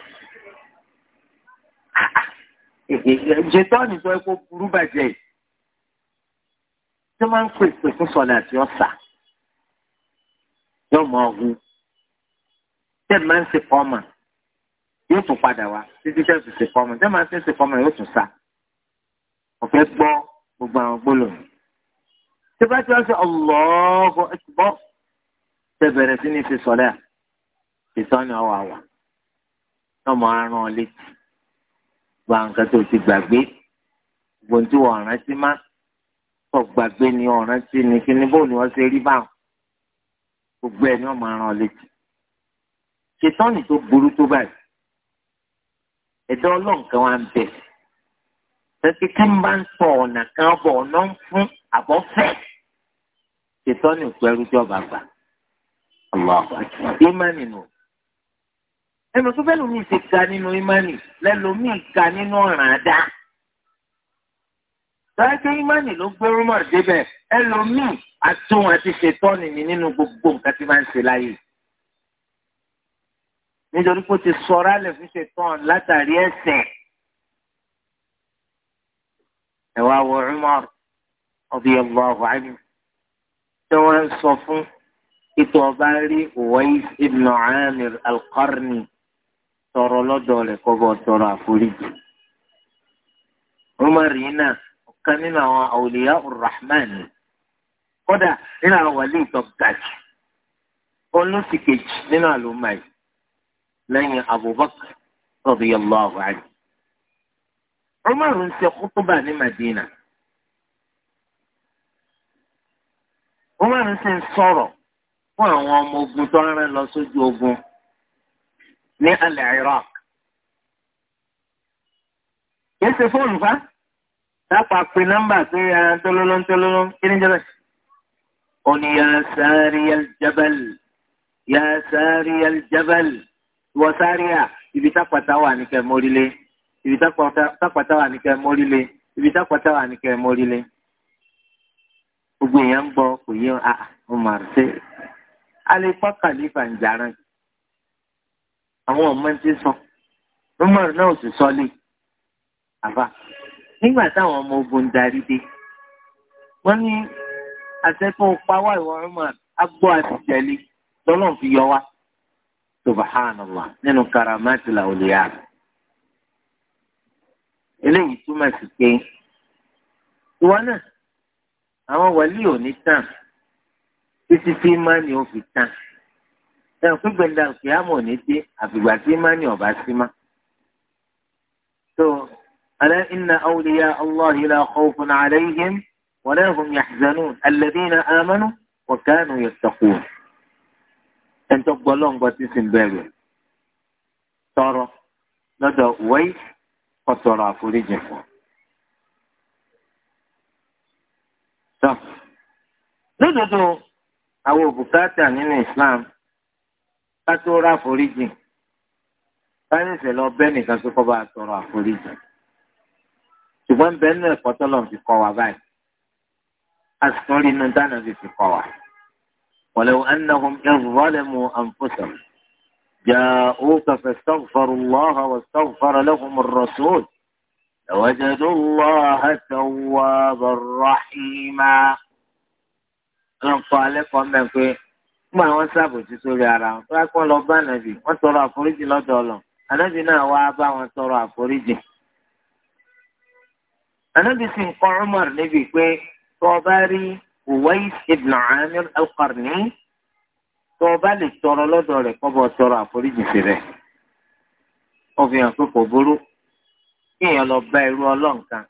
ṣètọ́nù sọ pé burú bàjẹ́ tí wọ́n máa ń pèsè fún sọ̀lá àti ọ̀sà yóò mọ ọ̀hún tẹ́ máa ń ṣe kọ́mọ̀ yóò tún padà wá títí tẹ́ tún ṣe kọ́mọ̀ tẹ́ máa ń ṣe kọ́mọ̀ yóò tún sá ọ̀fẹ́ gbọ́ gbogbo àwọn gbólóhùn. tí bá ti wá sí Allahu Akbar tẹ́ bẹ̀rẹ̀ sí ní fi sọ̀rẹ́ à ìsọ́ni ọwọ́ àwà ọmọ aràn ọ létí gba nǹkan tó ti gbàgbé gbòǹtì wọ̀ rántí má tó gbàgbé ni ọ̀rántí ni kí ni bóun ni wọ́n ṣe rí báwọn gbogbo ẹ̀ ni wọ́n máa rán ọ létí ṣetánì tó burú tó báyìí ẹ̀dá ọlọ́nkan wa ń bẹ̀ tẹ́tí tí ń bá ń sọ ọ̀nà kan bọ̀ ọ̀nà ń fún àbọ̀ fẹ́ ṣetánì pẹ̀lú jọba gbà ìmánì nù ẹnu tó bẹ́ẹ̀ lómi ṣe ga nínú ìmánì lẹ́lómi ga nínú ọ̀ràn àdá tọ́jú ìmánì ló gbẹ́rú mọ̀ débẹ̀ ẹlòmíì àtúnwọ̀n àti ṣetánì ní nínú gbogbo nǹkan tí máa ń ṣe láyé yìí nítorí pé ó ti sọ̀rọ̀ alẹ́ fún ṣetán látàrí ẹ̀ṣẹ̀. ẹ wá wọ Umar radiyallahu anhu tí wọ́n ń sọ fún ètò ọba rí Uwais ibn Amir al-Qarni tọrọ lọ́dọ̀ rẹ̀ kọ́bọ̀ tọrọ àforíjì. Umar yìí náà ọ̀kan nínú àwọn awliya rahman kódà nínú àwọn wàlíì tó olùsìkejì nínú àlùmáyì. من أبو بكر رضي الله عنه عمر في خطبة لمدينة عمر في صورة وهو مبتار لسجوب العراق كيف تفعل فا؟ تفعل في نمبر في تلولون تلولون كنين جبل قل يا ساري الجبل يا ساري الجبل ìwọ sáríà ibi tápàtà wà ní kẹ́ mórílé ibi tápàtà wà ní kẹ́ mórílé ibi tápàtà wà ní kẹ́ mórílé gbogbo èèyàn ń gbọ́ kò yé a Umar ṣe a lè pa kàlífà ń jarán àwọn ọmọ ti sọ Umar náà sì sọ lè àbá nígbà táwọn ọmọ ogun darí dé wọ́n ní àṣẹ tó ìwọ Umar agbó àtijẹlé lọlọrun fi yọ wá سبحان الله نينو كرامات الأولياء إليه ثم سكين وانا أما وليه نتان إسي في ماني وفي تان تان في بلد القيامة ونتي أفي باسي ماني وباسي ما ألا إن أولياء الله لا خوف عليهم ولا هم يحزنون الذين آمنوا وكانوا يتقون ẹnitọ́ gbọ́lọ́ngbọ́ tí sì ń bẹ̀rù tọrọ lọ́dọ̀ wẹ́ẹ́ ọ̀tọ̀rọ̀ àforíjì fún. lódodo àwọn òbúkátà nínú Islam ká tó rà àforíjì ká ní ìṣẹ̀lẹ̀ ọbẹ̀ nìkan tó kọ́ bá tọrọ̀ àforíjì ṣùgbọ́n bẹ́ẹ̀ náà ẹ̀kọ́ tọ́lọ̀ fi kọ́ wa báyìí a rí inú dáná fi kọ́ wa. ولو أنهم إذ ظلموا أنفسهم جاءوك فاستغفروا الله واستغفر لهم الرسول لوجدوا الله توابا رحيما lọ́n kọ́ alẹ́ kọ́ mẹ́ pé fún àwọn sábòtí sórí ara wọn tó kọ́ lọ bá ànábì wọ́n tọrọ àforíjì lọ́dọ̀ ọ̀lọ́ ànábì náà wá bá wọn tọrọ àforíjì. ànábì sì ń kọ́ Umar níbi pé tó o bá rí Uwais ibn Amir al-Qarni tó o bá lè tọrọ lọ́dọ̀ rẹ̀ kọ́ bọ́ tọrọ àforíjì sí rẹ̀. Òfin hàn pé kò burú kí èèyàn lọ bá irú ọlọ́run kan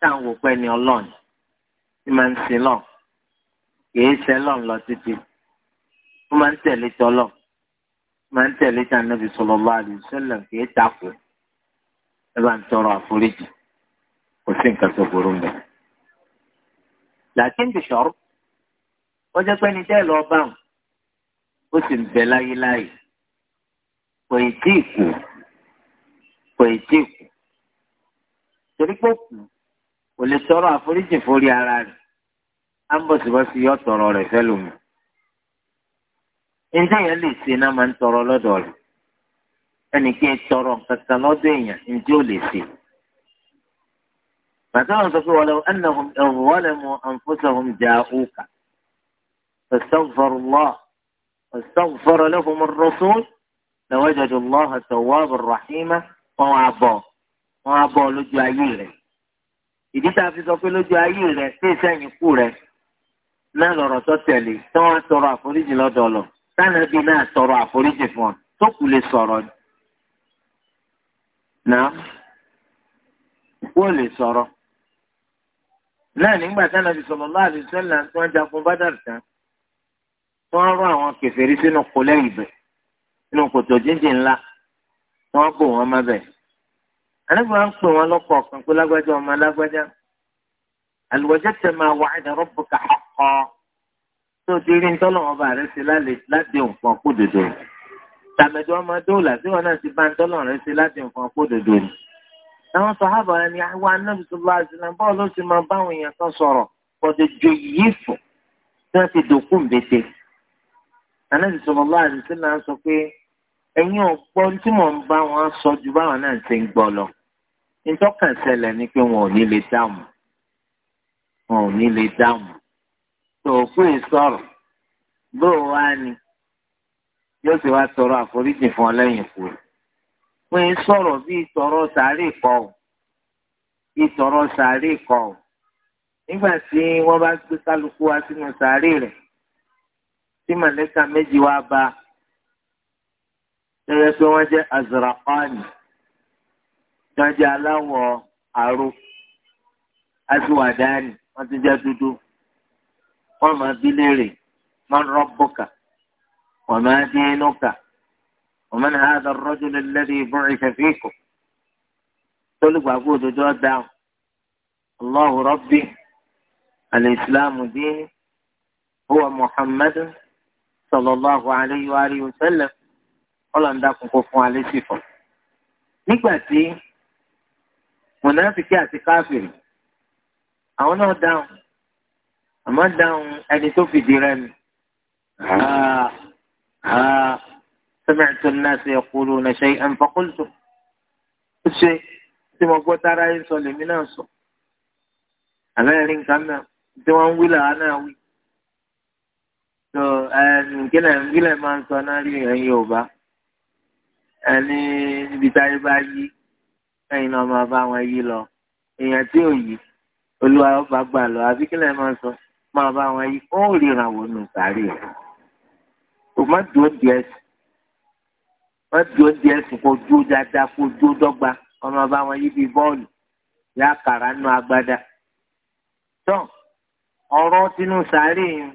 táwọn wò pé ni ọlọ́run ti máa ń sin lọ kìí ṣe lọ́run lọ títí ó máa ń tẹ̀lé tọ́lọ̀ máa ń tẹ̀lé tí Ànábì sallallahu alaihi wasallam kìí takò ẹ bá ń tọrọ àforíjì kò sí nǹkan tó burú mẹ́rin làákín bí sọ̀rọ̀ ó jẹ́ pé ní tẹ́ lọ bá wọn ó sì ń bẹ láyé láyé kò ì tí ì kú kò ì tí ì kú torí pé kù kò lè tọrọ àforíjì forí ara rẹ̀ á ń bọ̀sibọ́sí yọ tọrọ rẹ̀ fẹ́ lómi ẹni táyà lè ṣe náà máa ń tọrọ lọ́dọ̀ rẹ̀ ẹnì kí ẹ tọrọ kankan lọ́dọ̀ èèyàn ní فكانوا تقول ولو أنهم إن ظلموا أنفسهم جاءوك فاستغفروا الله واستغفر لهم الرسول لوجدوا الله توابا رحيما wọn wá bọ̀ wọn wá bọ̀ lójú ayé rẹ̀ ìdí tá a fi sọ pé lójú ayé rẹ̀ sí ìsẹ́yìn kú rẹ̀ náà lọ̀rọ̀ tó tẹ̀lé tí wọ́n tọrọ àforíjì lọ́dọ̀ lọ táwọn ẹbí náà tọrọ àforíjì fún ọ tó kù lè sọ̀rọ̀ náà kú ò lè sọ̀rọ̀ náà nígbà tí Ànábì sallallahu alaihi wasallam tí wọ́n jagun Badar tán tí wọ́n rọ àwọn kèfèrí sínú kọlẹ́ ìbẹ̀ sínú kòtò jíjìn ńlá tí wọ́n bò wọ́n mọ́bẹ̀. Ànábì wọn ń pè wọ́n lọ́kọ̀ ọ̀kan pé lágbájá ọmọ lágbájá hal wajadta ma wa'ada rabbuka haqqan tó ti rí ntọ́lọ́wọ́n bá rẹ̀ ṣe láti nǹkan kó dòdò. tàmẹ̀dọ́ ọmọ dóòlà tí wọn náà ti bá ntọ́lọ́wọ́n rẹ̀ ṣe láti nǹkan kó dòdò àwọn sàhábà ẹni àwọn anábì tó bá àti náà báwo ló ti máa báwọn èèyàn kan sọ̀rọ̀ bọ̀dẹ̀ joyè fún tí wọ́n ti dòkú mbété. anábì sọ̀rọ̀ bá àti sí náà sọ pé ẹ̀yin ọ̀pọ̀ tí mò ń bá wọn sọ ju báwọn náà ti ń gbọ́ lọ. ìtọ́kàn ni pé wọn ò ní lè dáhùn wọn ò ní lè dáhùn. tòkú ìsọ̀rọ̀ bó o wá ni yóò ti wá sọ̀rọ̀ àforíjì fún ọ lẹ́yìn wọ́n ń sọ̀rọ̀ bí ìtọ̀rọ̀ sàárè kọ́ ọ̀ ìtọ̀rọ̀ sàárè kọ́ ọ̀ nígbà tí wọ́n bá gbé kálukú wá sínú sàárè rẹ̀ tí màlẹ́kà méjì wá bá lẹ́yìn pé wọ́n jẹ́ azraqani wọ́n aláwọ̀ aró aṣíwádàáni wọ́n ti jẹ́ dúdú wọ́n máa bí léèrè man rabbuka wa ma dinuka. ومن هذا الرجل الذي بعث فيكم قل بقول جودا الله ربي الإسلام ديني هو محمد صلى الله عليه وآله وسلم قال داكم كفوا عليه صفة نقبتي منافك أتي كافر أو نو داون أما داون أني توفي ديراني آه آه سمعت الناس يقولون شيئا فقلت ṣe tí mo gbọ́ tára yín sọ lèmi náà sọ àlẹ́rìí nǹkan náà tí wọ́n ń wí làwọn náà wí. tó kílẹ̀ kílẹ̀ máa ń sọ náà rí ẹ̀yin Yorùbá ẹni ibi táyé bá yí ẹ̀yin náà máa bá wọn yí lọ èèyàn tí ò yí olúwa ọba gbà lọ àbí kílẹ̀ máa sọ máa bá wọn yí ó ríran wọnú sàárè rẹ̀ kò má dùn ó di ẹsẹ̀ wọ́n ti oúnjẹ ẹ̀sìn kó dúró dáadáa kó dúró dọ́gba ọmọ bá wọn yí bí bọ́ọ̀lù yá kàrà nù agbada. tán ọ̀rọ̀ tinú sáré yìí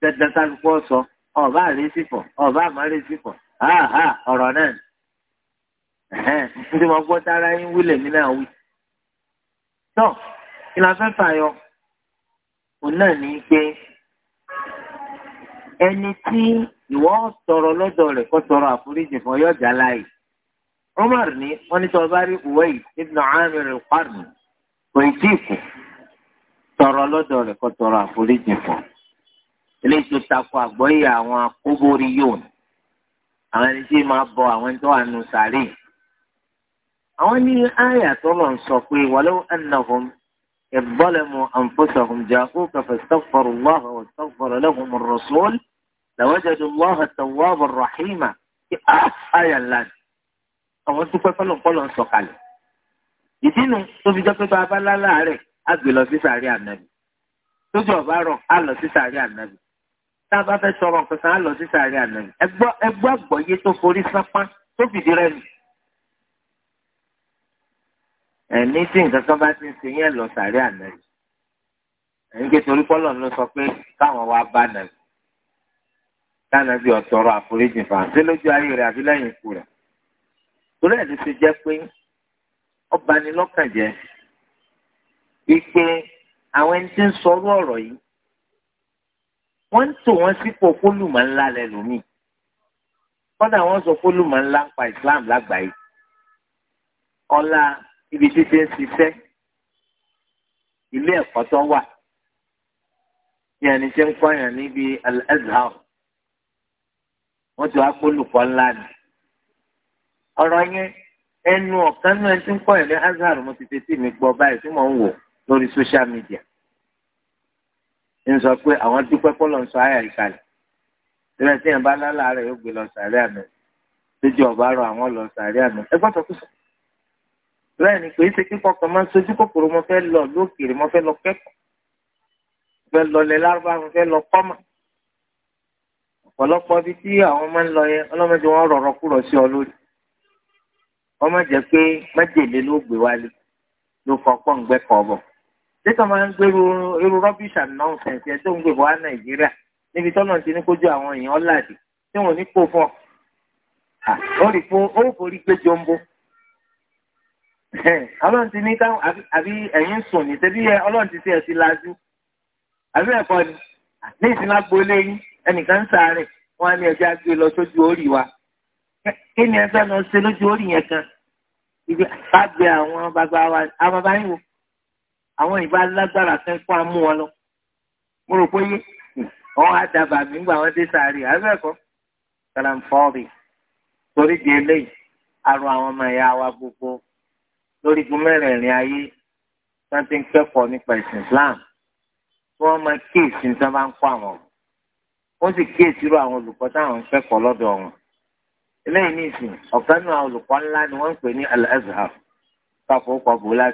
dandan kálukú ọ̀sọ́ ọ̀bá àrèsí pọ̀ ọ̀bá àmàrèsí pọ̀ háàhá ọ̀rọ̀ náà nítorí wọn gbọ́ dára yín wílẹ̀ mí náà wí. tán ìlànà fẹ́ fàyọ òun náà ní pé ẹni tí ìwọ tọrọ lọ́dọ̀ rẹ̀ kó tọrọ àforíjì fún yọjà láàyè Umar ní wọ́n ní tọ́ bá rí Uwayy ibn Amir al-Qarni kò tí ì kù tọrọ lọ́dọ̀ rẹ̀ kó tọrọ àforíjì fún eléyìí tó takò àgbọ́yé àwọn akóbórí yóò ní àwọn ẹni tí máa bọ àwọn tó wà nù sàárè àwọn ní àyà tó lọ sọ pé walau annahum idh zalamu anfusahum ja'uka fastaghfirullaha wastaghfara lahumur làwọ́jọ́dọ̀ lọ́hàn tàwọ́bọ̀ rahima kí àyà ńlá ni àwọn dúpẹ́ fọlọ́nfọlọ́ ń sọ̀kalẹ̀ ìdí nu tó fi jẹ́ pé bàbá láláàárẹ̀ á gbé lọ sí sàárè ànábì tójú ọ̀bá rọ̀ á lọ sí sàárè ànábì tá a bá fẹ́ sọ̀rọ̀ nǹkan kan á lọ sí sàárè ànábì ẹgbọ́ àgbọ̀yé tó forí sápá tó fìdí rẹ̀ nù. ẹ̀ní tí nǹkan kan bá ti ń ṣe yẹn lọ sàárè ànábì lánàá bí ọ̀tọ̀rọ̀ àforíjì fa ṣé lójú ayé rẹ̀ àbí lẹ́yìn ikú rẹ̀. torí ẹ̀ ló ṣe jẹ́ pé ọba ni lọ́kàn jẹ́ wípé àwọn ẹni tí ń sọ̀rọ̀ ọ̀rọ̀ yìí wọ́n ń tò wọ́n sípò fólùmọ̀ ńlá lẹ́lòmíì kọ́dà wọ́n sọ fólùmọ̀ ńlá ń pa Islam lágbàáyé ọlá ibi títí ń ṣiṣẹ́ ilé ẹ̀kọ́ tó wà ní ẹni tí ń kọ́yàn níbi Al-Azhar wọ́n ti wá pólùkọ́ ńlá ni. ọ̀rọ̀ yẹn ẹnu ọ̀kan náà ti ń kọ́ ẹ̀lẹ́ azhar mo ti fetí mi gbọ́ báyìí tí mò ń wò lórí social media. ń sọ pé àwọn dúpẹ́ kọ́ lọ sọ ayà ìkàlẹ̀. ìrẹ̀ tí yẹn bá lálẹ́ àárẹ̀ yóò gbé lọ sàárẹ̀ àná. lójú ọ̀bá rọ àwọn lọ sàárẹ̀ àná. ẹ gbọ́dọ̀ kú sọ. bẹ́ẹ̀ ni pé ṣe kíkọ́ kan máa ń sojú kòkòrò mo fẹ́ lọ lókèèrè mo fẹ́ lọ kẹ́kọ̀ọ́ mo fẹ́ lọ lẹ́ lárúbá mo fẹ́ lọ kọ́mọ̀ ọ̀pọ̀lọpọ̀ ibi tí àwọn máa ń lọ yẹn ọlọ́mọdé wọn rọ̀rọ̀ kúrò sí ọ lórí wọ́n má jẹ́ pé májèlé ló gbé wálé ló fọ pọ́ǹgbẹ́ kọ̀ bọ̀ dẹ́tọ̀ máa ń gbé irú rubbish and nonsense ẹ̀ tó ń gbé bọ̀ wá nàìjíríà níbi tọ́nà ti ní kójú àwọn èèyàn ọ̀làdì tí wọ́n ní kó fọ́ ó rí fún ó borí gbé jombo ọlọ́run ti ní káwọn àbí ẹ̀yin sùn ní tẹ́bí ọlọ́run ti ti ẹ̀ ti lajú àbí ẹ̀kọ́ ni ní ìsinmi agboolé yín ẹnìkan ń sàárẹ̀ wọ́n á ní ẹjẹ́ àgbẹ̀ lọ sójú orí wa kí ni ẹgbẹ́ lọ ṣe lójú orí yẹn kan ibi àgbẹ̀ àwọn bàbá wa àwọn bàbá yìí wò àwọn ìbá lágbára kan kó amú wọn lọ mo rò pé wọn á dàbà mí gbà wọn dé sàárẹ̀ àbẹ́ẹ̀kọ́ kàlàǹfọ́ọ̀rì torí di eléyìí arọ àwọn ọmọ ẹ̀yà wa gbogbo lórí igun mẹ́rẹ̀ẹ̀rin ayé tí wọ́n ti ń kẹ́kọ̀ọ́ nípa ìsìn Islam tí wọ́n máa kíyèsí ní sábà ń kọ́ àwọn ọ̀rọ̀ wọ́n sì kíyèsí irú àwọn olùkọ́ táwọn ń kẹ́kọ̀ọ́ lọ́dọ̀ wọn. eléyìí ní ìsìn ọ̀kan nínú àwọn olùkọ́ ńlá ni wọ́n ń pè ní Al-Azhar káfọ́ kọ́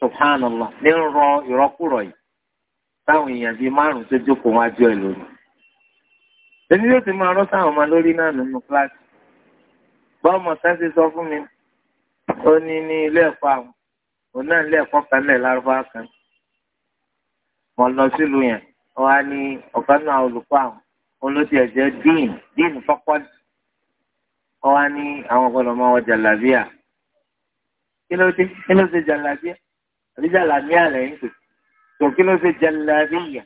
subhanallah ní ń rọ ìrọ́kùrọ̀ yìí táwọn èèyàn bíi márùn-ún tó jókòó wọn ajọ́ ẹ̀ lónìí. èmi yóò ti máa rọ́ sáwọn ọmọ lórí náà nínú kíláàsì. bọ́ọ̀mọ̀ sáṣẹ sọ fún mi ó ní ní ilé ẹ̀kọ́ àwọn òun náà kan lẹ̀ lárúbáwá kan. mo wọn á ní ọ̀gá náà olùkọ́ àwọn olóṣù ẹ̀jẹ̀ dín dín fọ́pọ́dì wọn á ní àwọn ọ̀gbọ́dọ̀ máa wọ jàlábíà kí ló dé kí ló ṣe jàlábíà àbí jàlábíà lẹ́yìn pè tó kí ló ṣe jàlábíà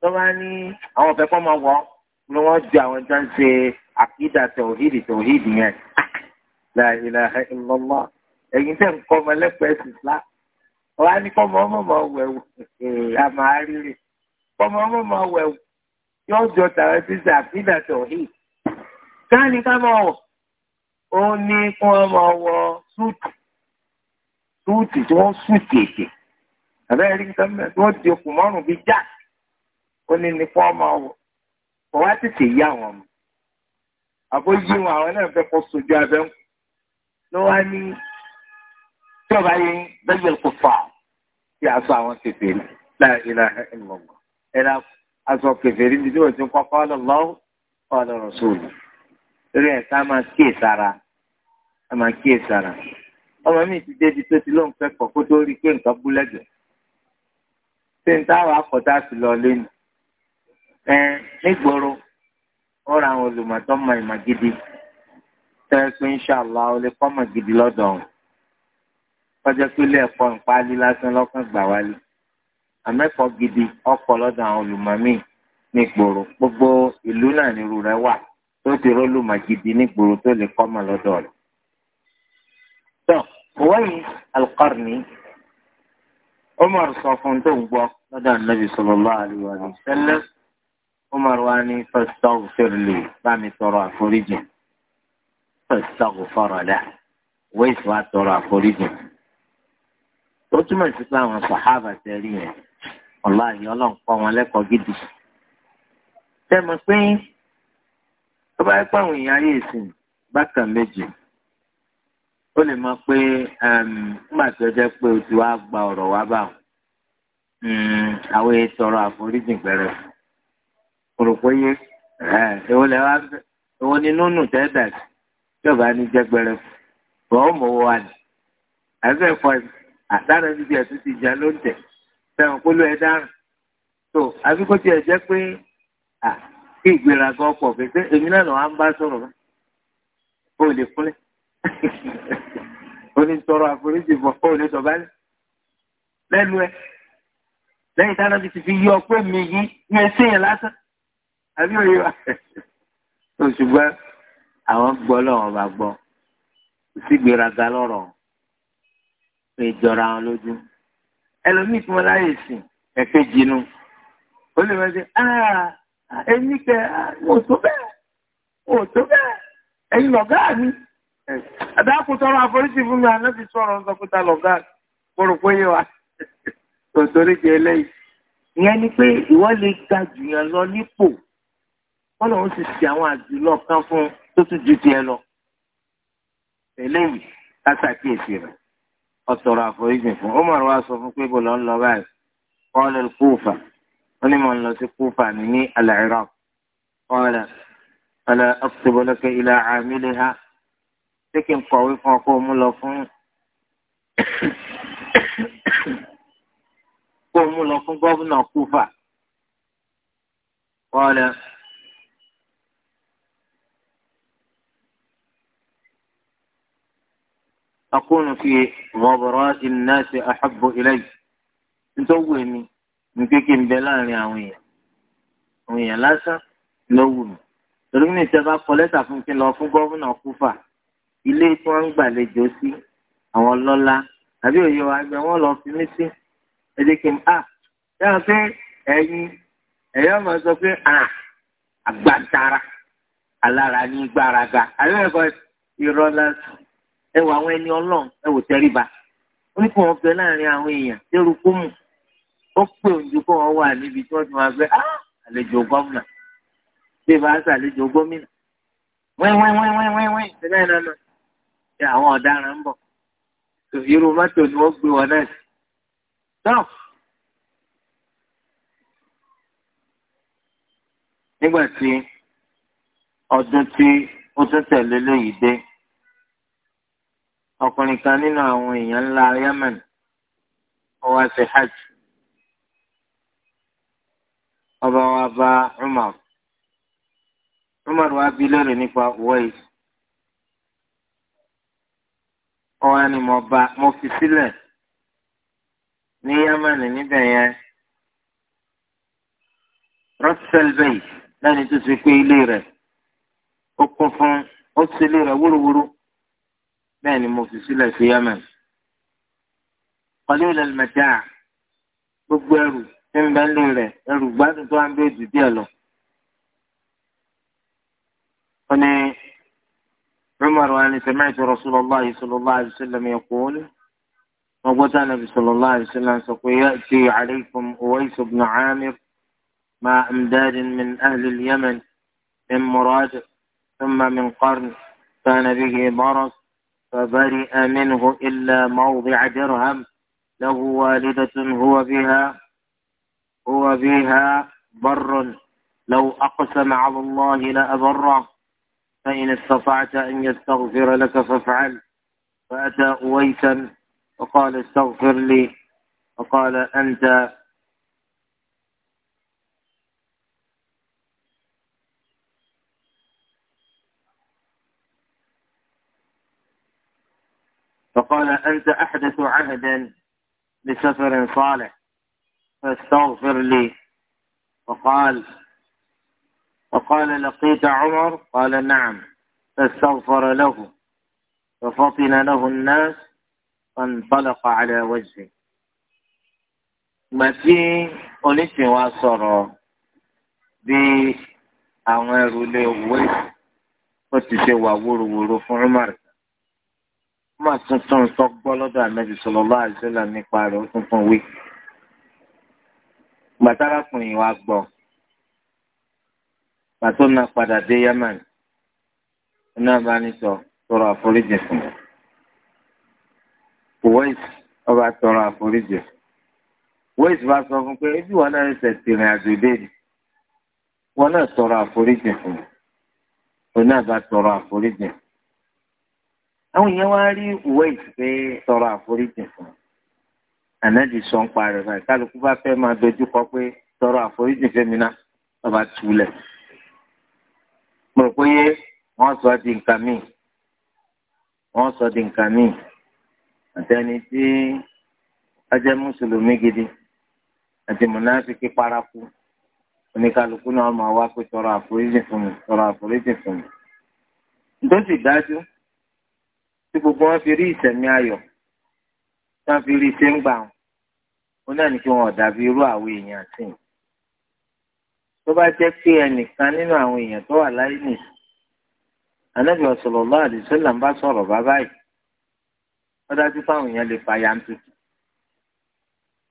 tó bá ní àwọn ọ̀fẹ́ kọ́ máa wọ̀ ni wọ́n ju àwọn tó ń ṣe àkídà tòhídì tòhídì yẹn la ilaha illallah ẹ̀yin ń kọ́ ọmọ ẹlẹ́pẹ̀ẹ́sì fúlá wọn á ní kọ́ ọmọ ọmọ ọmọ wẹ̀wẹ̀ àmà àrírí ọmọ ọmọ máa wẹ̀ yóò jọ tàwọn sísè àfihàn tòhí káàní ká máa wọ̀ ó ní kí wọ́n máa wọ súùtì súùtì tí wọ́n súùtì ètè àbẹ́rẹ́ rí nǹkan mẹ́rin tí wọ́n di okùn mọ́rùn bíi jáàkì ó ní ní kí wọ́n máa wọ̀ kò wá tètè yí àwọn ọmọ àbó yí wọn àwọn náà fẹ́ kó sojú abẹ́ ń ló wá ní tí ọba yẹn bẹ́ẹ̀ yẹ kó fà á tí a sọ àwọn tètè láìláì ẹ̀ ń lọ́gbọ̀n ẹ̀rọ aṣọ kẹfẹ́rí ní ìdíwọ̀n tí ń kọ́kọ́ lọ́wọ́ ọ̀dọ̀ rọ̀ṣọ́ọ̀lù lórí ẹ̀ ká máa kíyè sára ká máa kíyè sára ọmọ mi ti débi tó ti lóun kẹ́kọ̀ọ́ kó tó rí i pé nǹkan bú lẹ́gbẹ̀ẹ́ ṣé n táwọn akọ̀tà sí lọ lẹ́nu ẹ nígboro ọ̀rọ̀ àwọn olùmọ̀tọ́ mọ ìmọ̀ gidi tẹ́ pé inṣàlá o lè kọ́ mọ̀ gidi lọ́dọ̀ ọ̀hún kọjá pé ilé ẹ̀kọ́ ìpáálí lásán lọ́kàn gbà wálé amẹ́kọ̀ọ́ gidi ọ̀pọ̀ lọ́dọ̀ àwọn olùmọ̀mí ní gbòòrò gbogbo ìlú náà ní irú rẹ̀ wà tó ti rólùmọ̀ gidi ní gbòòrò tó lè kọ́mọ lọ́dọ̀ rẹ̀. tó Uwais al-Qarni Umar sọ fún tó ń gbọ́ lọ́dọ̀ Ànábì sallallahu alaihi wa sallam Umar wa ní fastaghfir li bá mi tọrọ àforíjì fastaghfara lahu Uwais wa tọrọ àforíjì ó túmọ̀ sí pé àwọn sàhábà tẹ̀lé yẹn ọ̀la àyìn ọlọ́run kọ́ wọn lẹ́kọ̀ọ́ gidi. tẹ́mu pé tó bá pẹ́ àwọn èèyàn ayé ìsìn bákan méjì ó lè mọ pé nígbà tí ó jẹ́ pé o ti wá gba ọ̀rọ̀ wá bá àwọn ètò ọ̀rọ̀ àforíjìn pẹ̀rẹ̀ òròpóyè èwo lẹ wá èwo ni nínú tẹ́ẹ̀dà tí ọba ní jẹ́ gbẹrẹ rọ́ọ̀mù wa ni àbẹ́fọ́ àtàrà ti di ẹ̀sùn ti jà lóńtẹ̀ sẹ́wọ̀n pẹ̀lú ẹ̀ dáràn tó àbí kó tiẹ̀ jẹ́ pé à kí ìgbéraga ọkọ̀ pèsè èmi náà lọ́wọ́ à ń bá sọ̀rọ̀ bá o lè kúnlẹ̀ o ní tọrọ àforíjì bọ̀ o lè dọ̀bálẹ̀ lẹ́nu ẹ lẹ́yìn táná ti fi yọ pé mi yí ní ẹsẹ̀ yẹn lásán àbí òye wa tó ṣùgbọ́n àwọn gbọ́ lọ́wọ́ bá gbọ́ kò sí ìgbéraga lọ́rọ̀ ìjọra wọn lójú ẹlòmíì tí wọ́n láyè sìn ẹ̀kejì nu ó lè wọ́n ṣe ẹni ah, kẹ ò tó bẹ́ẹ̀ ò tó bẹ́ẹ̀ ẹ̀yin lọ̀gá mi àdáàkú tọrọ àforíṣi fún mi àná ti sọ̀rọ̀ ń sọ pé ta lọ̀gá wa kò sórí jẹ eléyìí ìyẹn ni pé ìwọ lè ga jù yàn lọ nípò wọ́n lòun ti ṣe àwọn àjùlọ kan fún tó tún ju tiẹ̀ lọ eléyìí ká ṣàkíyèsí ọtọrọ àforíjì fún Umar wa sọ fún pé bọlọ ń lọ báyìí kọlẹ kúfà ó ní mò ń lọ sí kúfà ní ní al-Iraq kọlẹ ọlẹ ọkùtùbọlọkẹ ilẹ àmìlẹ ha ṣé kí n kọ̀wé fún ọkọ mú lọ fún kó mú lọ fún gọvnọ kúfà kọlẹ. أكون في غبرات الناس أحب إلي nítorí mi nígbè kí n bẹ láàrin àwọn èèyàn àwọn èèyàn lásán ló wù mí torí mi ìjọba kọ lẹ́tà fún kí n lọ fún gómìnà kúfà ilé tí wọ́n ń gbàlejò sí àwọn lọ́lá àbí òye wa gbẹ wọ́n lọ fi mí sí ẹ kí n à dáhùn pé ẹ̀yin ẹ̀yọ́ mọ̀ sọ pé à àgbàdára alára ní gbáraga àbí ẹ̀kọ́ ìrọ́lá sùn ẹ wò àwọn ẹni ọlọ́run ẹ wò tẹríba ó ní kí wọ́n bẹ láàrin àwọn èèyàn lérú kómù ó pè ojú kó wọ́n wà níbi tí wọ́n ti máa fẹ́ ah, àlejò gómìnà bí ìbá ṣàlejò gómìnà wẹ́wẹ́wẹ́wẹ́wẹ́ ìṣẹ̀lẹ̀ náà nà ṣe àwọn ọ̀daràn ń bọ̀ tó irú mọ́tò ni wọ́n gbé wọn náà sí. tọ́ nígbà tí ọdún tí ó tún tẹ̀lé lóyìí dé ọkùnrin kan nínú àwọn èèyàn ńlá Yemen ó wá ṣe hajj ọba wa bá Umar Umar wa bi lórí nípa Uwais ó wá ní mo bá mo fi sílẹ̀ ní Yemen níbẹ̀ yẹn rọ́ṣẹ́l bẹ́ẹ̀ lẹ́ni tó ti pé ilé rẹ̀ ó kún fún ó ti ilé rẹ̀ wúruwúru. bẹ́ẹ̀ ni في يمن قليل المتاع yemen كم lẹ́lẹ́mẹ̀dá gbogbo يرو tí توان bẹ́ ديالو lò عمر وأنا يعني سمعت رسول الله صلى الله عليه وسلم يقول وقلت النبي صلى الله عليه وسلم سقوا يأتي عليكم أويس بن عامر مع أمداد من أهل اليمن من مراد ثم من قرن كان به مرض فبرئ منه إلا موضع درهم له والدة هو بها هو بها بر لو أقسم على الله لأبره فإن استطعت أن يستغفر لك فافعل فأتى أويسا وقال استغفر لي فقال أنت فقال أنت أحدث عهدا بسفر صالح فاستغفر لي فقال فقال لقيت عمر قال نعم فاستغفر له ففطن له الناس فانطلق على وجهه gbàtí oníṣẹ́ wa sọ̀rọ̀ bí àwọn ẹrù lè wé ó ti ṣe wà wúruwúru fún Umar má tuntun tó gbọ́ lọ́dọ̀ ànábì sallallahu alaihi wasallam nípa rẹ̀ o tuntun wí. gbàtàràkùnrin wa gbọ́ pàtó náà padà dé yamani náà bá ní sọ tọrọ àforíjì fún un. Kuwait ọba tọrọ àforíjì. Kuwait bá sọ fún pé ebi wọn náà ṣe tìrìn àjò déèdì. Wọn náà tọrọ àforíjì fún un. Òun náà bá tọrọ àforíjì fún un àwọn èèyàn wá rí Uwais pé tọrọ àforíjì fún ànájì sọ ń parẹ báyìí kálukú bá fẹ́ máa dojú kọ pé tọrọ àforíjì fẹ́mi náà bàbá túlẹ̀ mo rò pé wọ́n sọ di nǹkan míì wọ́n sọ di nǹkan míì àtẹni tí ajẹ́ mùsùlùmí gidi àti mùnáfíkì paraku oníkálukú náà máa wá pé tọrọ àforíjì fún mi tọrọ àforíjì fún mi nítorí dájú tí gbogbo wọn fi rí ìsẹ̀mí ayọ̀ tí wọ́n fi rí ṣe ń gbà wọn ó náà ní kí wọn dàbí irú àwọn èèyàn sí i tó bá jẹ́ pé ẹnìkan nínú àwọn èèyàn tó wà láyé nìyí ànábì sallallahu alaihi wasallam ń bá sọ̀rọ̀ bàbá yìí wọ́n dájú fáwọn èèyàn lè fàyà ń tutù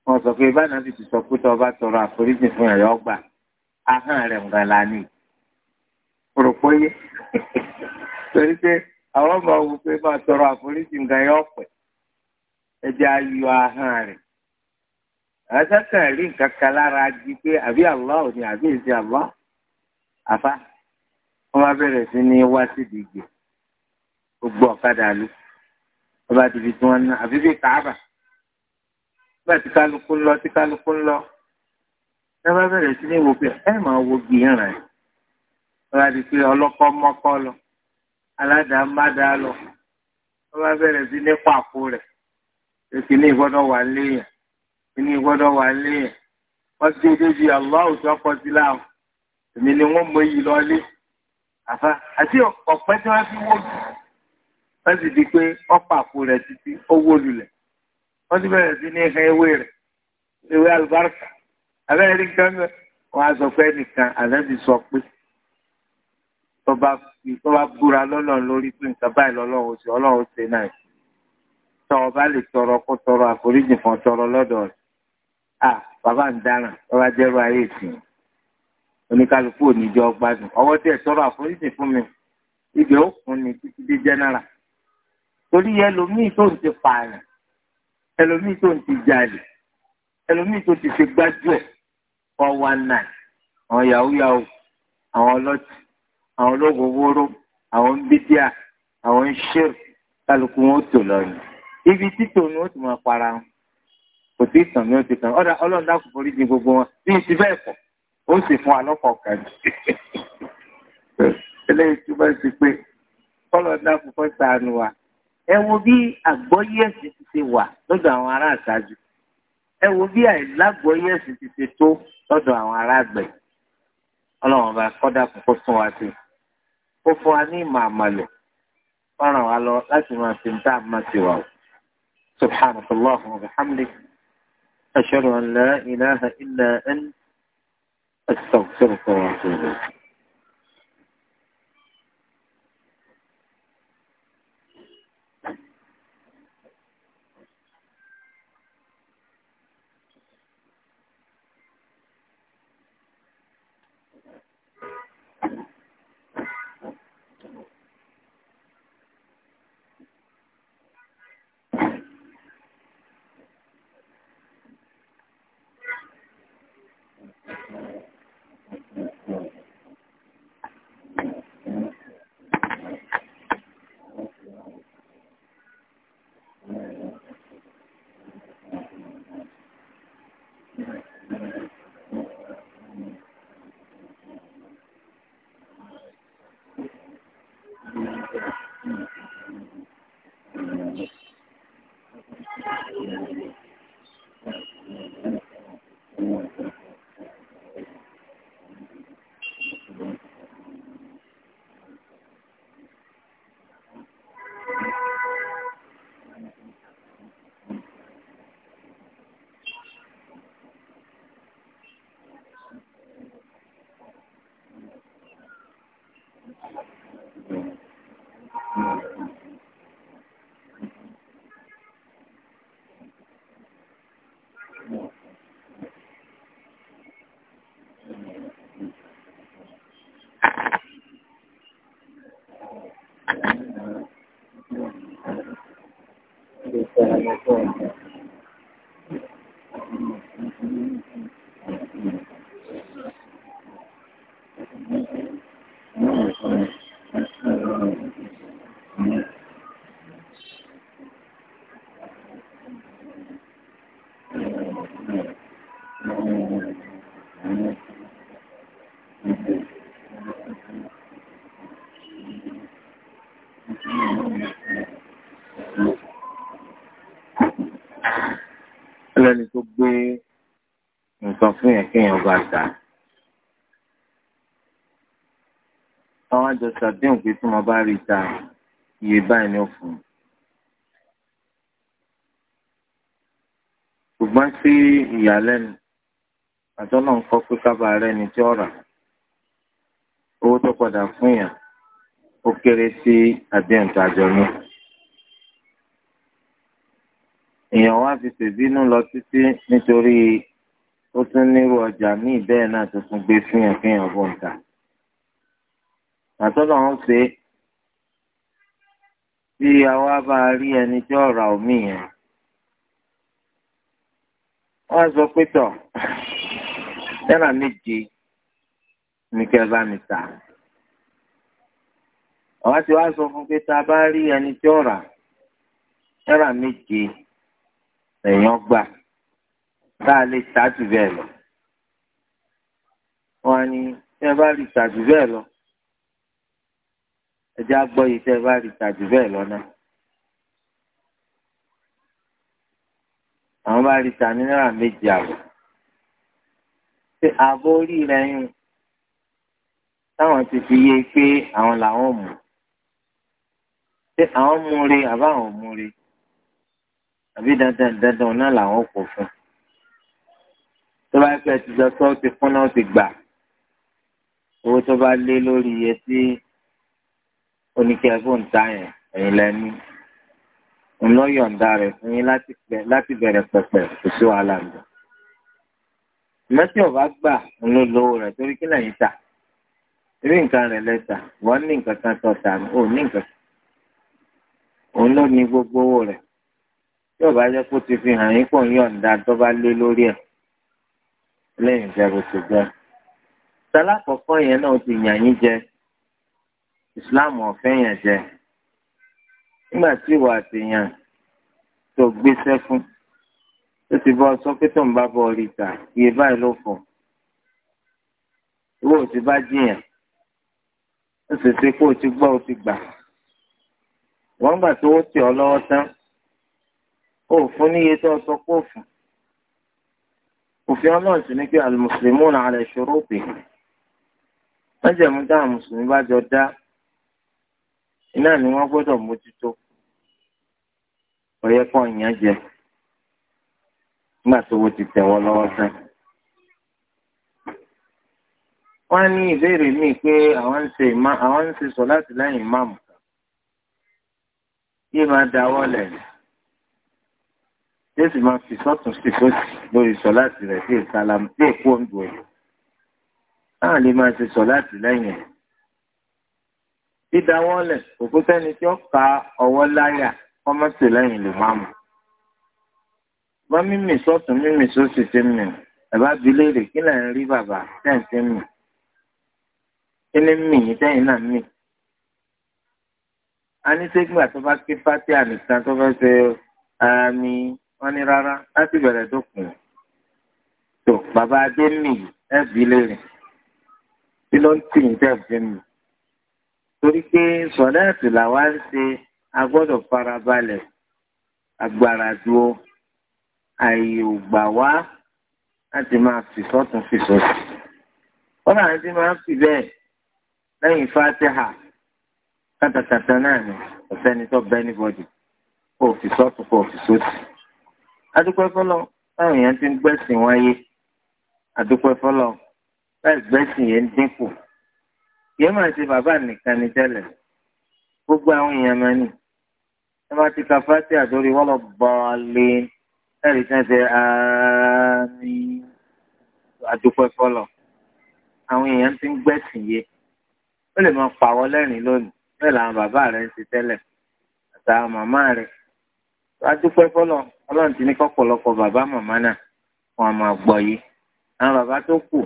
wọ́n sọ pé bánàbì ti sọ pé tọba tọrọ àforíjì fún ẹ̀yọ́ gbà ahọ́n rẹ̀ ń gan lánìí rò pé torí pé àwọn ọmọ wò pé máa tọrọ àforíjì nǹkan yọ pẹ̀ ẹja ayọ ahọ́n rẹ̀ àtàkà rí nǹkan kan lára di pé àbí Allah ò ní àbí èsì Allah àfa wọn bá bẹ̀rẹ̀ sí ní wá síbi ìgbè gbogbo ọ̀kadà lu wọn bá dìbì tí wọn ná àbí bí kàábà nígbà tí kálukú ń lọ tí kálukú ń lọ ẹ bá bẹ̀rẹ̀ sí ní wo pé ẹ máa wo gbìyànjú rẹ̀ wọn bá di pé lọ aládàámádàá lọ wọ́n bá bẹ̀rẹ̀ sí ní pàpò rẹ̀ ìkíní gbọ́dọ̀ wà léèyàn ìkíní gbọ́dọ̀ wà léèyàn wọ́n ti dé bíi aláwọ̀ tó kọ́ sí láàmú èmi ni wọ́n mọ iyì lọ́lé àfa àti ọ̀pẹ́ tí wọ́n fi wọ́ọ̀lù wọ́n sì di pé ọ̀pàpò rẹ̀ títí ó wọ́ọ̀lù lẹ̀ wọ́n ti bẹ̀rẹ̀ sí ní ẹ̀ka ewé rẹ̀ ewé alùbáríkà abẹ́rẹ́ ní gángan wọ́n á pé ẹnìkan àlẹ́ ti sọ pé tọba tọba búra lọ́lọ́run lórí pé nǹkan báyìí lọ́lọ́run oṣù ọlọ́run ṣe náà tọ ọba lè tọrọ kó tọrọ àforíjì kan tọrọ lọ́dọ̀ rẹ̀ à bàbá ń dáràn tọba jẹrọ ayé ìsìn oníkálukú oníjọ gbádùn ọwọ́ tí ẹ tọrọ àforíjì fún mi ibẹ̀ ó kún ni títí dé jẹnẹra torí ẹlòmíì tó ń ti pààyàn ẹlòmíì tó ń ti jalè ẹlòmíì tó ti ṣe gbájú ẹ fọ wá náà àwọn yahoo yahoo àwọn ọlọ́tì àwọn ológun wóró àwọn bídíà àwọn ṣír kálukú wọn ó tò lọ yìí ibi títò ni ó ti máa para wọn kò sí ìtàn ni ó ti kàn ọ̀dà ọlọ́run dákun forí di gbogbo wọn bí ti bẹ́ẹ̀ kọ̀ ó sì fún alọ́kọ̀ kan eléyìí túbọ̀ sí pé ọlọ́run dákun fọ́ sànù wa ẹ wo bí àgbọ́yé ẹ̀sìn ti ṣe wà lọ́dọ̀ àwọn ará àṣáájú ẹ wo bí àìlágbọ́yé ẹ̀sìn ti ṣe tó lọ́dọ̀ àwọn ará àgbẹ̀ ọlọ́run ọba kọ́dà kò kó sún wa sí i kó fún wa ní ìmọ̀ àmàlẹ̀ fọ́nrán wa lọ láti máa ṣe ń dá àmà sí wa o. سبحانك اللهم وبحمدك أشهد أن لا إله إلا أنت أستغفرك وأتوب إليك 对，没错。lẹ́ni tó gbé nǹkan fún yẹn kéèyàn bá ta. àwọn àjọ sàdéhùn pé tí mo bá rí ta iye báyìí ni ó fún un. ṣùgbọ́n sí ìyàlẹ́nu àtọ́nà ń kọ́ pé kábàá rẹ̀ ni tí ó rà owó tó padà fún yàn ó kéré sí àdéhùn tàjọ náà. èèyàn wá fi ṣèbínú lọ títí nítorí ó tún nírú ọjà míì bẹ́ẹ̀ náà tuntun gbé fún yàn fún yàn bọ̀ ń ta. àtọ́nà wọn pé tí àwa bá rí ẹni tí ọ̀rà omi yẹn wọ́n sọ pé tọ̀ náírà méje ní kẹ́ bá àwa ti wá sọ fún pé tá a bá rí ẹni tí ọ̀rà náírà méje lẹ́yìn ọgbà tá a lè ta jù bẹ́ẹ̀ lọ. wọ́n á ní tẹ́ ẹ bá rí ta jù bẹ́ẹ̀ lọ ẹ já gbọ́ yìí tẹ́ ẹ bá rí ta jù bẹ́ẹ̀ lọ náà. àwọn bá rí ta ní náírà méjì àbọ̀. ṣé ààbò orí rẹ̀ ń táwọn ti fi yé pé àwọn làwọn mú ṣé àwọn mú re àbáwọn mú re àbí dandan dandan náà làwọn kò fún tó bá pẹ́ ti jọ sọ́ọ́ ti fún náà ti gbà owó tó bá lé lórí iye tí oníkẹ́ fóun ta yẹn ẹ̀yìn lẹ́ni ńlọ́yọ̀ǹda rẹ̀ fún yín láti bẹ̀rẹ̀ pẹ̀pẹ̀ kò sí wàhálà mi mẹ́tí ọ̀bá gbà ń lówó rẹ̀ torí kí lẹ́yìn ta irú nǹkan rẹ̀ lẹ́ta wọ́n ní nǹkan kan tó ní òun ní nǹkan òun ló ní gbogbo owó rẹ̀ yóò bá jẹ́ kó ti fi hàn yín pọ̀ yọ̀ǹda tó bá lé lórí ẹ̀ lẹ́yìn ìjẹ́bù ti jẹ́. sálákọ̀ọ́kọ́ yẹn náà ti yàn yín jẹ ìsìláàmù ọ̀fẹ́ yẹn jẹ nígbà tí ìwà àtìyàn tó gbéṣẹ́ fún tó ti bọ́ sọ pé tó ń bá bọ́ rí ta iye báyìí ló fọ̀ ìwọ ti bá jiyàn ó sì ṣe pé o ti gbọ́ o ti gbà wọ́n gbà tó ó tì ọ́ lọ́wọ́ tán. òfin níye tó sọ pé òfin òfin ọlọ́run sì ní pé al-muslimuna ala shurutihim májẹ̀mú táwọn mùsùlùmí bá jọ dá iná ni wọ́n gbọ́dọ̀ mójútó ọ̀yẹ́ kan jẹ nígbà wo ti tẹ̀ wọ́n lọ́wọ́ tán. wọ́n ní ìbéèrè míì pé àwọn ń ṣe àwọn ń ṣe sọ láti lẹ́yìn kí máa yóò sì máa fi sọ́tún sí fòsì lórí sọ láti rẹ̀ sí ìsàlámù tí èkó ń du ẹ̀. náà lè máa ṣe sọ láti lẹ́yìn ẹ̀. dídáwọ́lẹ̀ òkú sẹ́ni tí ó ka ọwọ́ láyà kọ́mọ́sì lẹ́yìn lè máa mú. wọ́n mímì sọ́tún mímì sósì ti mì bàbá bi léèrè kí lẹ̀ ń rí bàbá tẹ́ǹ ti mì. kí ni mì yín tẹ́yìn náà mì. a ní sẹ́gbà tó bá ké fátíà nìkan tó fẹ́ ṣe àmì wọ́n ní rárá láti bẹ̀rẹ̀ dópin tó bàbá adé nìyí ẹbí lérìn tí ló ń tì í tẹ̀sí mi torí pé sọ̀dáàtì làwa ń ṣe agbọ́dọ̀ farabalẹ̀ agbára dúró àyè ò gbà wá láti máa fi sọ́tún fi sọ́tún wọ́n náà ti máa fi bẹ́ẹ̀ lẹ́yìn fatiha kátàkátà náà ni ọ̀sẹ́ni tó bẹ́ẹ̀ níbọ̀dì kó o fi sọ́tún kó o fi sọ́tún adúpẹ́ fọlọ́ táwọn èèyàn ti ń gbẹ̀sìn wáyé adúpẹ́ fọlọ́ láì gbẹ̀sìn yẹn ń dínkù yẹn máa ṣe bàbá nìkan ní tẹ́lẹ̀ gbogbo àwọn èèyàn máa nì ẹ máa ti ka fásitì àdórí wọ́n lọ bọ́ọ̀lì ẹ̀rí tí wọ́n ṣe àmì adúpẹ́ fọlọ́ àwọn èèyàn ti ń gbẹ̀sìn yé ó lè máa pàwọ́ lẹ́rìn lónìí bẹ́ẹ̀ làwọn bàbá rẹ̀ ń ṣe tẹ́lẹ̀ àtàwọn màmá rẹ̀ adúpẹ́ fọlọ́ ọlọ́run ti ní kọ́pọ̀lọpọ̀ bàbá màmá náà wọn máa gbọ́ yìí àwọn bàbá tó kù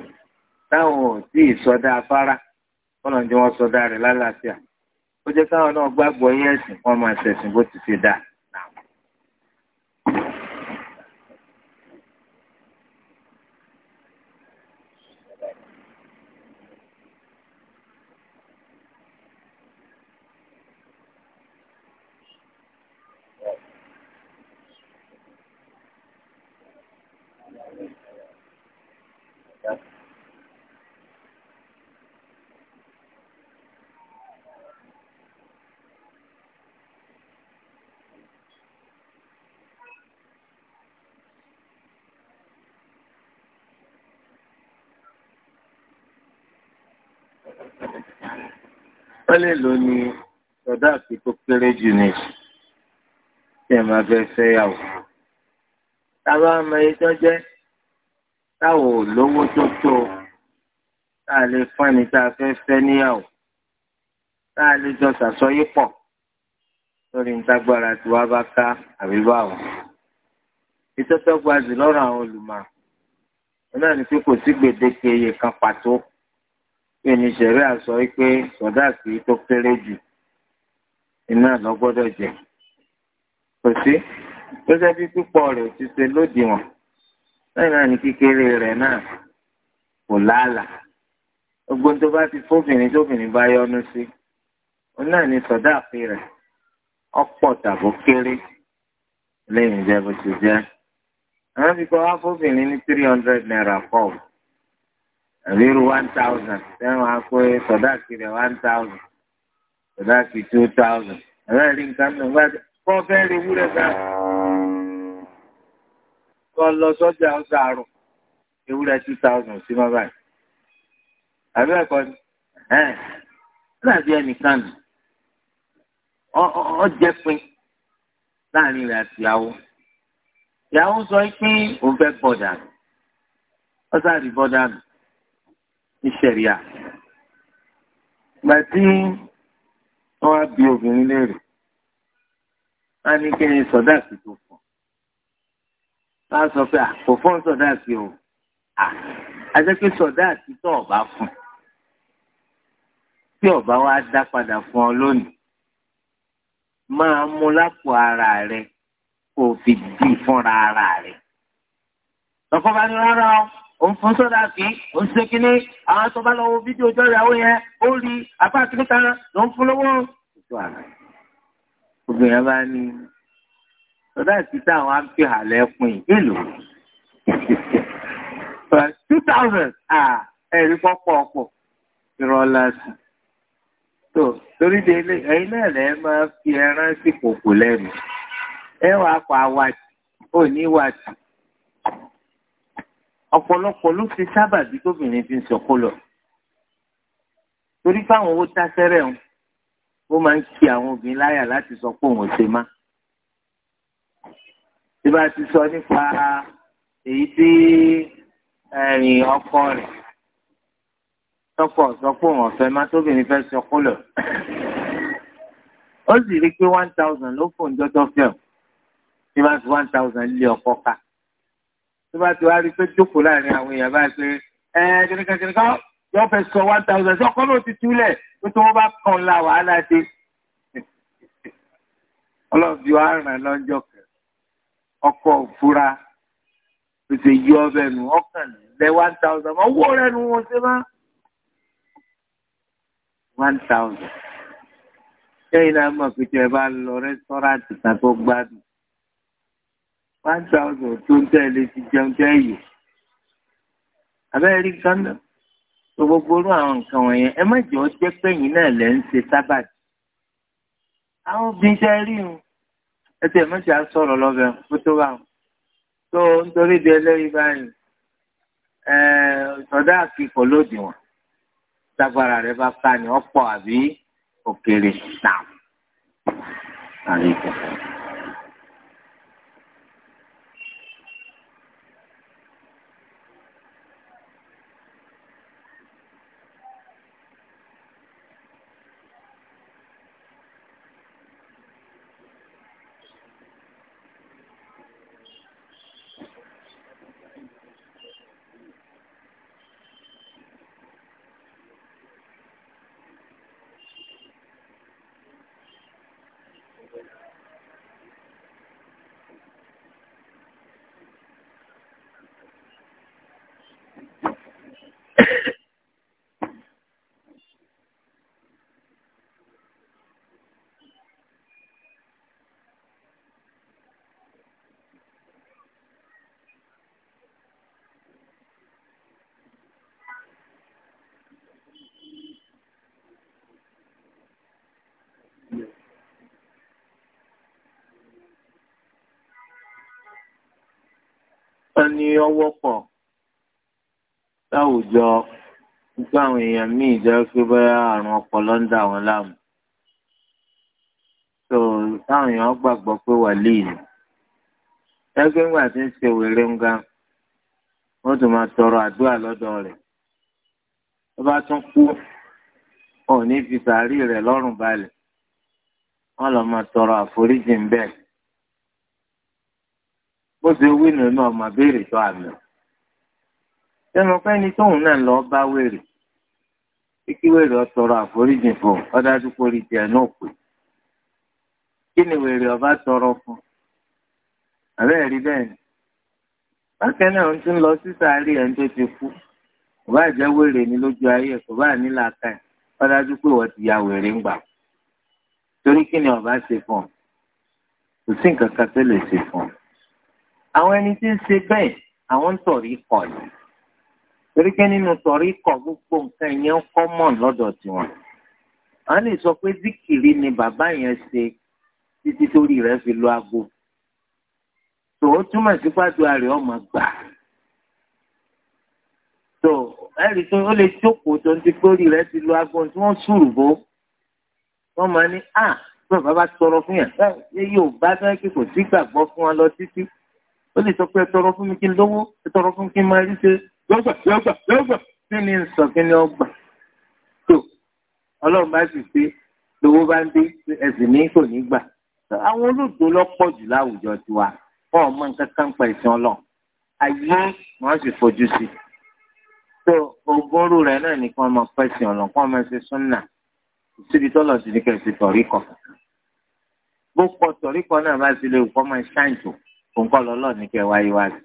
táwọn ò tí ì sọdá afárá ọlọ́run jẹ́ wọn sọdá rẹ̀ lálàáfíà ó jẹ́ káwọn náà gbàgbọ́ yẹ̀sìn wọn máa ṣẹ̀sìn bó ti ṣe dáa. wọ́n lè lò ní sọ̀dá àti tó kéré jù ní tí ẹ máa fẹ́ fẹ́ yàwó. táwa ọmọ yìí tó jẹ́ táwọn ò tó tó tá a lè fún ẹni tá a fẹ́ fẹ́ níyàwó tá a lè jọ sàsọyé pọ̀ lórí ntagbára tí wàá bá ká àbí báwọn. ìtọ́tọ́ gbajù lọ́rọ̀ àwọn olùmọ̀ náà ni pé kò sí gbèdéke iye kan pàtó ìníṣẹ̀rí àsọ pé sọ̀dáàsì tó kéré jù iná lọ gbọ́dọ̀ jẹ. kò sí gẹ́gẹ́ bí pípọ̀ rẹ̀ ti ṣe lódiwọ̀n lẹ́yìn náà ní kékeré rẹ̀ náà kò láàlà. gbogbo tó bá ti fóbìnrin tóbìnrin bá yọnu sí òun náà ní sọ̀dáàsì rẹ̀ ọ̀pọ̀ tàbó kéré lẹ́yìn ìjẹ́ bó ti jẹ́. àwọn fi kọ́ wá fóbìnrin ní three hundred naira kọ́ọ̀bù àbírú one thousand sẹ́wọ̀n á pé sọ̀dáàkì rẹ̀ one thousand sọ̀dáàkì two thousand ẹ̀rọ rí nǹkan nù bá kọ́ fẹ́ rí wúrẹ́ gbà kọ́ lọ sọ́jà ọ̀sán àrùn ewúrẹ́ two thousand sí má báyìí àbí ẹ̀kọ́ ni ẹ̀ láti ẹnìkan nù ọ jẹ́ pin láàrin rẹ̀ àti ìyàwó ìyàwó sọ pé òun fẹ́ bọ̀dà ọ bọ̀dà nù ní ṣẹ̀ríà gbà tí wọ́n á bi obìnrin léèrè wọ́n á ní kí ni sọ̀dáàkì tó fún wọ́n á sọ pé kò fún sọ̀dáàkì o àti pé sọ̀dáàkì tó ọ̀bá fún tí ọ̀bá wa dá padà fún ọ lónìí máa mú lápò ara rẹ kó o fi dì fúnra ara rẹ lọ́kọ́ bá ní rárá o òun fún sọ́dà kí òun ṣe kínní àwọn tó bá lọ́wọ́ fídíò ọjọ́ ìyàwó yẹn ó rí apá kínní kan ló ń fún lówó. obìnrin bá ní sọ́dà kí táwọn á fi pin ìlú two thousand ẹ̀rí pọ́pọ́ ọ̀pọ̀ ìrọ̀lá sí. tó torí délé ẹ̀yin náà lẹ́ máa fi ẹran sí kòkò lẹ́nu ẹ wàá pa wájú ò ní wájú ọ̀pọ̀lọpọ̀ ló fi sábàbí tóbìnrin fi ń sọ̀kó lọ. torí káwọn owó táṣẹ́rẹ̀ ń ó máa ń kí àwọn obìnrin láyà láti sọ pé òun ò ṣe má. tí bá ti sọ nípa èyí tí ẹ̀rìn ọkọ rẹ̀ tọkọ sọ pé òun ọ̀fẹ́ má tóbìnrin fẹ́ sọkó lọ. ó sì rí i pé one thousand ló fòun jọjọ fẹ́ o tí bá fi one thousand lé ọkọ ká tó bá ti wá rí i pé jókòó láàrin àwọn èèyàn báyìí pé ẹ kìnìkan kìnìkan yóò fẹ́ sọ one thousand sí ọkọ náà ti túlẹ̀ pé tí wọ́n bá kàn la wàhálà dé. ọlọ́ọ̀bí wa ràn lọ́jọ́ kan ọkọ̀ òfura pèsè yí ọbẹ̀ nù ọkàn lẹ one thousand owó rẹ nu wọn ṣe má. one thousand. ṣé ìlànà pẹ̀tẹ́ bá lọ rẹ́sítọ́rántì kan tó gbádùn one thousand tó ń tẹ̀lé ti jẹun tẹ́ yìí abẹ́rẹ́ rí gánà tó gbogbo orú àwọn nǹkan wọ̀nyẹn ẹ má jẹ́ ọ jẹ́ pẹ́yìn náà lẹ́ ń ṣe sábàtì àwọn obìnrin tẹ́ rí o ẹ tẹ̀ mọ́ṣẹ́ á sọ̀rọ̀ lọ́bẹ̀ kó tó bá wọn tó nítorí di ẹlẹ́yìn báyìí ẹ̀ sọ̀dá àkìkọ̀ lòdì wọn lágbára rẹ bá ká ní ọ̀pọ̀ àbí òkèèrè náà. kan ní ọwọ́ pọ̀ láwùjọ nípa àwọn èèyàn míì jẹ́ pé bóyá àrùn ọpọlọ ń dà wọ́n láàmú. tó táwọn èèyàn gbàgbọ́ pé wàlíì ni ẹgbẹ́ ńgbà tí ń ṣe wèrè ń ga wọ́n tún máa tọrọ àdúrà lọ́dọ̀ rẹ̀ tó bá tún kú ò ní fi sàárì rẹ̀ lọ́rùn balẹ̀ wọ́n lọ máa tọrọ àforíjì ń bẹ́ẹ̀ bó ṣe wí nù náà mà béèrè tó àmì ẹnu pé ní tóun náà lọ bá wèrè kíkí wèrè ọtọrọ àforíjì fún ọdájú kórì tiẹ̀ náà pè kí ni wèrè ọba tọrọ fún àbẹ́ẹ̀ rí bẹ́ẹ̀ ni bákan náà ń tún lọ sí sáré ẹni tó ti kú kò bá jẹ́ wèrè ní lójú ayé kò bá ní làákàn ọdájú pé wọ́n ti ya wèrè ń gbà torí kí ni ọba ṣe fún ọ kò sí nǹkan kan tó lè ṣe fún ọ àwọn ẹni tí ń ṣe bẹ́ẹ̀ àwọn ń tọ̀rí kọ̀ yìí torí pé nínú tọ̀rí kọ̀ gbogbo nǹkan yẹn ń kọ́ mọ̀ lọ́dọ̀ tiwọn a lè sọ pé zikiri ni bàbá yẹn ṣe títí torí rẹ̀ fi lo aago tòun túmọ̀ sí fàdúrà rẹ̀ ọmọ gbà tó ẹ̀rí tó ó lè jókòó tó ń ti torí rẹ̀ ti lo aago tí wọ́n sùrù bó wọ́n máa ní à ah, bàbá bá tọrọ fún yàn yóò bá fẹ́ kò sí gbàgbọ́ fún wọn lọ títí ó lè sọ pé ẹ tọrọ fún mi kí n lówó ẹ tọrọ fún mi kí n máa rí ṣe lọ́gbà lọ́gbà lọ́gbà kí ni ń sọ kí ni ọgbà tó ọlọ́run bá sì ṣe lówó bá ń dé ẹ̀sìn ní kò ní gbà àwọn olóògbé lọ́pọ̀ jù láwùjọ tiwa wọn ò mọ nǹkan kan pa ìsìn ọlọ́run ayé wọn sì fojú sí i tó ogoro rẹ náà ní kí wọn máa pa ìsìn ọlọ́run kí wọn máa ṣe súnà síbi tọ́lọ̀ sí ní kẹ̀sì tọ̀ríkọ̀ bó pọ̀ náà bá ti lè kọ́ máa ṣáìtò òǹkọ lọ́lọ́ ní kẹ́ wáyé wá sí.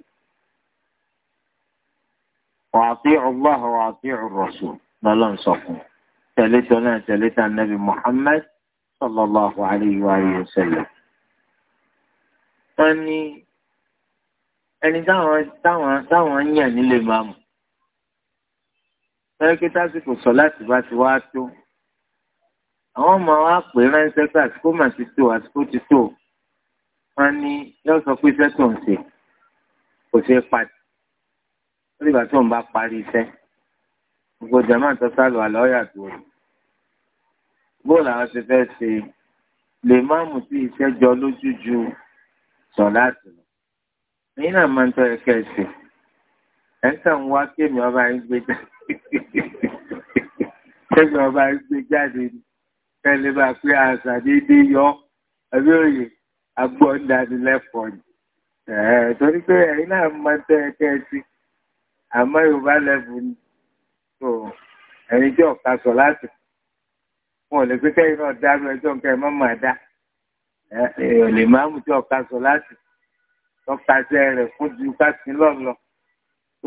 wa ati'u Allah wa ati'u ar-rasul lọ́lọ́ ń sọ fún un tẹ̀lé tó náà tẹ̀lé tá nàbì Muhammad sallallahu alayhi wa sallam. wọ́n ní ẹni táwọn táwọn táwọn yàn nílé máa mú. pẹ́ẹ́kí tásìkò sọ láti bá ti wá tó. àwọn ọmọ wa pè ránṣẹ́ pé àsìkò mà ti tó àsìkò ti tó wọ́n ní yóò sọ pé iṣẹ́ tó ń ṣe kò ṣeé parí ó dìgbà tó ń bá parí iṣẹ́ gbogbo jama tó sálọ àlọ́ yàtọ̀ rẹ̀ bóòlù àwọn ti fẹ́ ṣe lè má mú sí iṣẹ́ jọ lójú ju sọ̀ láti lọ èyí náà máa ń tọ́ ẹ̀kẹ́ ẹ̀sìn ẹ̀ ń sàn wá kémi ọba yín gbé jáde kémi ọba yín gbé jáde ni kẹ́lẹ́ bá pé àṣà déédéé yọ ẹ̀mí òye agbọ́ndánilẹ́kọ̀ọ́ ni torí pé ẹ̀yin náà máa tẹ́ ẹ kẹ́ ẹ sí àmọ́ yorùbá lẹ́bù ni tó ẹ̀yin jẹ́ ọ̀ka sọ láti wọn ò lè pé kẹ́yìn náà dá lọ ẹjọ́ nǹkan ẹ̀ má máa dá èèyàn lè máa mú jẹ́ ọ̀ka sọ láti tọ́kasẹ́ rẹ̀ fún ju káàsì lọ́lọ́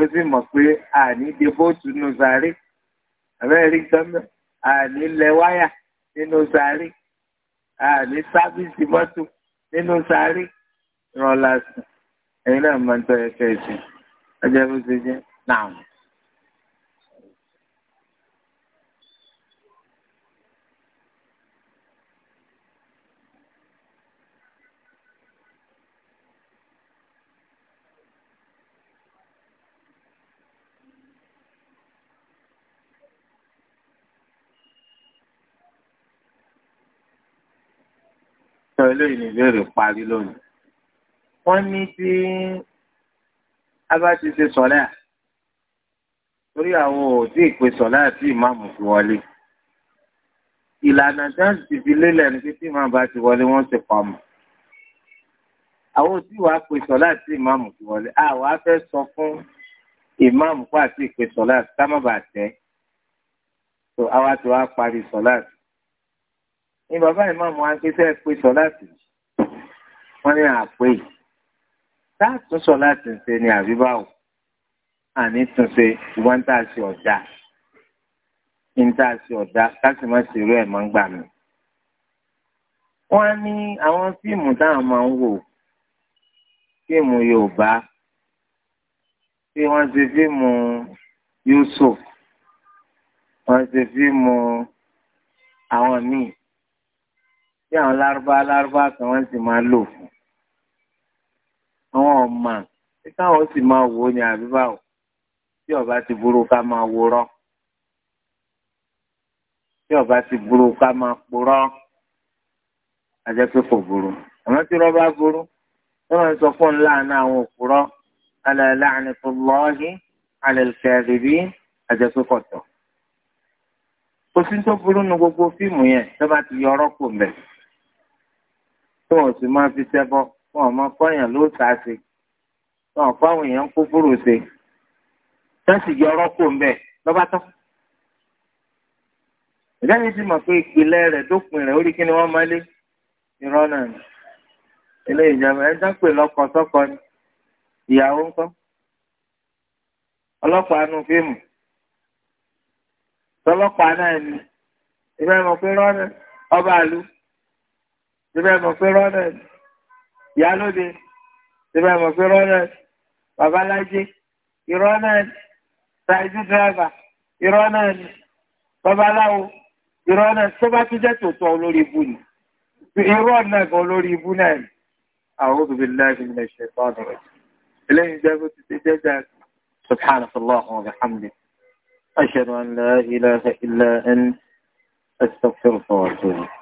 ó sì mọ̀ pé àní de bóòtù nù sáré àbẹ́rẹ́ gbọ́mọ̀ àní lẹ wáyà nínú sáré àní sábìsì mọ́tò nínú sáré ìrọ̀lá sí ẹ̀yin náà máa ń tọ́ ẹ̀kẹ́ ẹ̀sìn ọjọ́ bó ṣe jẹ́ náà. sọ eléyìí ní ìbéèrè parí lónìí. wọ́n ní tí a bá ti ṣe sọ̀lá torí àwọn ò tí ì pe sọ̀lá àti ìmáàmù fi wọlé. ìlànà tí wọ́n ti fi lélẹ̀ ní pé tí ìmáàmù bá ti wọlé wọ́n ti pamọ́. àwọn ò tí ì wàá pe sọ̀lá àti ìmáàmù fi wọlé. àwa fẹ́ sọ fún ìmáàmù pàtó ìpe sọ̀lá ká má bàa tẹ́. àwa ti parí sọ̀lá àti ni bàbá ìmáàmù wa ń pè sẹ́ẹ̀ pé sọ láti wọ́n ní àpè táàtún sọ láti ṣe ni àbíbáwò àní túnṣe ìwọ́n ń tà sí ọ̀dà ń tà sí ọ̀dà láti má ṣe irú ẹ̀ máa ń gbà mí. wọ́n ní àwọn fíìmù táwọn máa ń wò fíìmù Yorùbá tí wọ́n ṣe fíìmù Yusuf wọ́n ṣe fíìmù àwọn míì tí àwọn lárúbá lárúbá kan wọ́n sì máa lò fún àwọn ọmọ tí káwọn sì máa wò ó ní àbíbá o tí ọba ti burú ká máa wòrọ́ tí ọba ti burú ká máa purọ́ àjẹpẹ́ kò burú àmọ́ tí rọ́bà burú wọ́n máa ń sọ fún láàánú àwọn òpùrọ́ alẹ́ tó lọ́ọ́hìn alẹ́ kẹ́rìbí kọ̀tọ̀. òfin tó burú nu gbogbo fíìmù yẹn tó bá ti yọ ọ̀rọ̀ kò mẹ́rin tí wọn sì máa fi ṣẹbọ wọn ò máa kọyàn ló ta ṣe wọn ò fáwọn èèyàn kó fúrò ṣe tẹ́sí yọ ọrọ́pò ńbẹ lọ́ba tán. ìdáyìí ti mọ̀ pé ìpìlẹ̀ rẹ̀ dópin rẹ̀ orí kí ni wọ́n máa lé irọ́ náà ni ilé ìjọba ẹ dá pè lọ́kọ sọ́kọ ni ìyàwó ńkọ́ ọlọ́pàá nu fíìmù tọlọ́pàá náà ni ìbẹ̀rù pé rọ́ọ̀nù ọba àlù síbẹ̀ mọ̀ pé ronald ìyálóde síbẹ̀ mọ̀ pé ronald babalájí irọ́ náà ni taxi driver irọ́ náà ni babaláwo irọ́ náà tó bá tún jẹ́ tòótọ́ olórí ibu ni irọ́ náà kan olórí ibu náà ni a'udhu billahi minash shaitanir rajim eléyìí jẹ́ bó ti ṣe jẹ́jà subhanaka Allahumma wa bihamdik ashhadu an la ilaha illa anta astaghfiruka wa atubu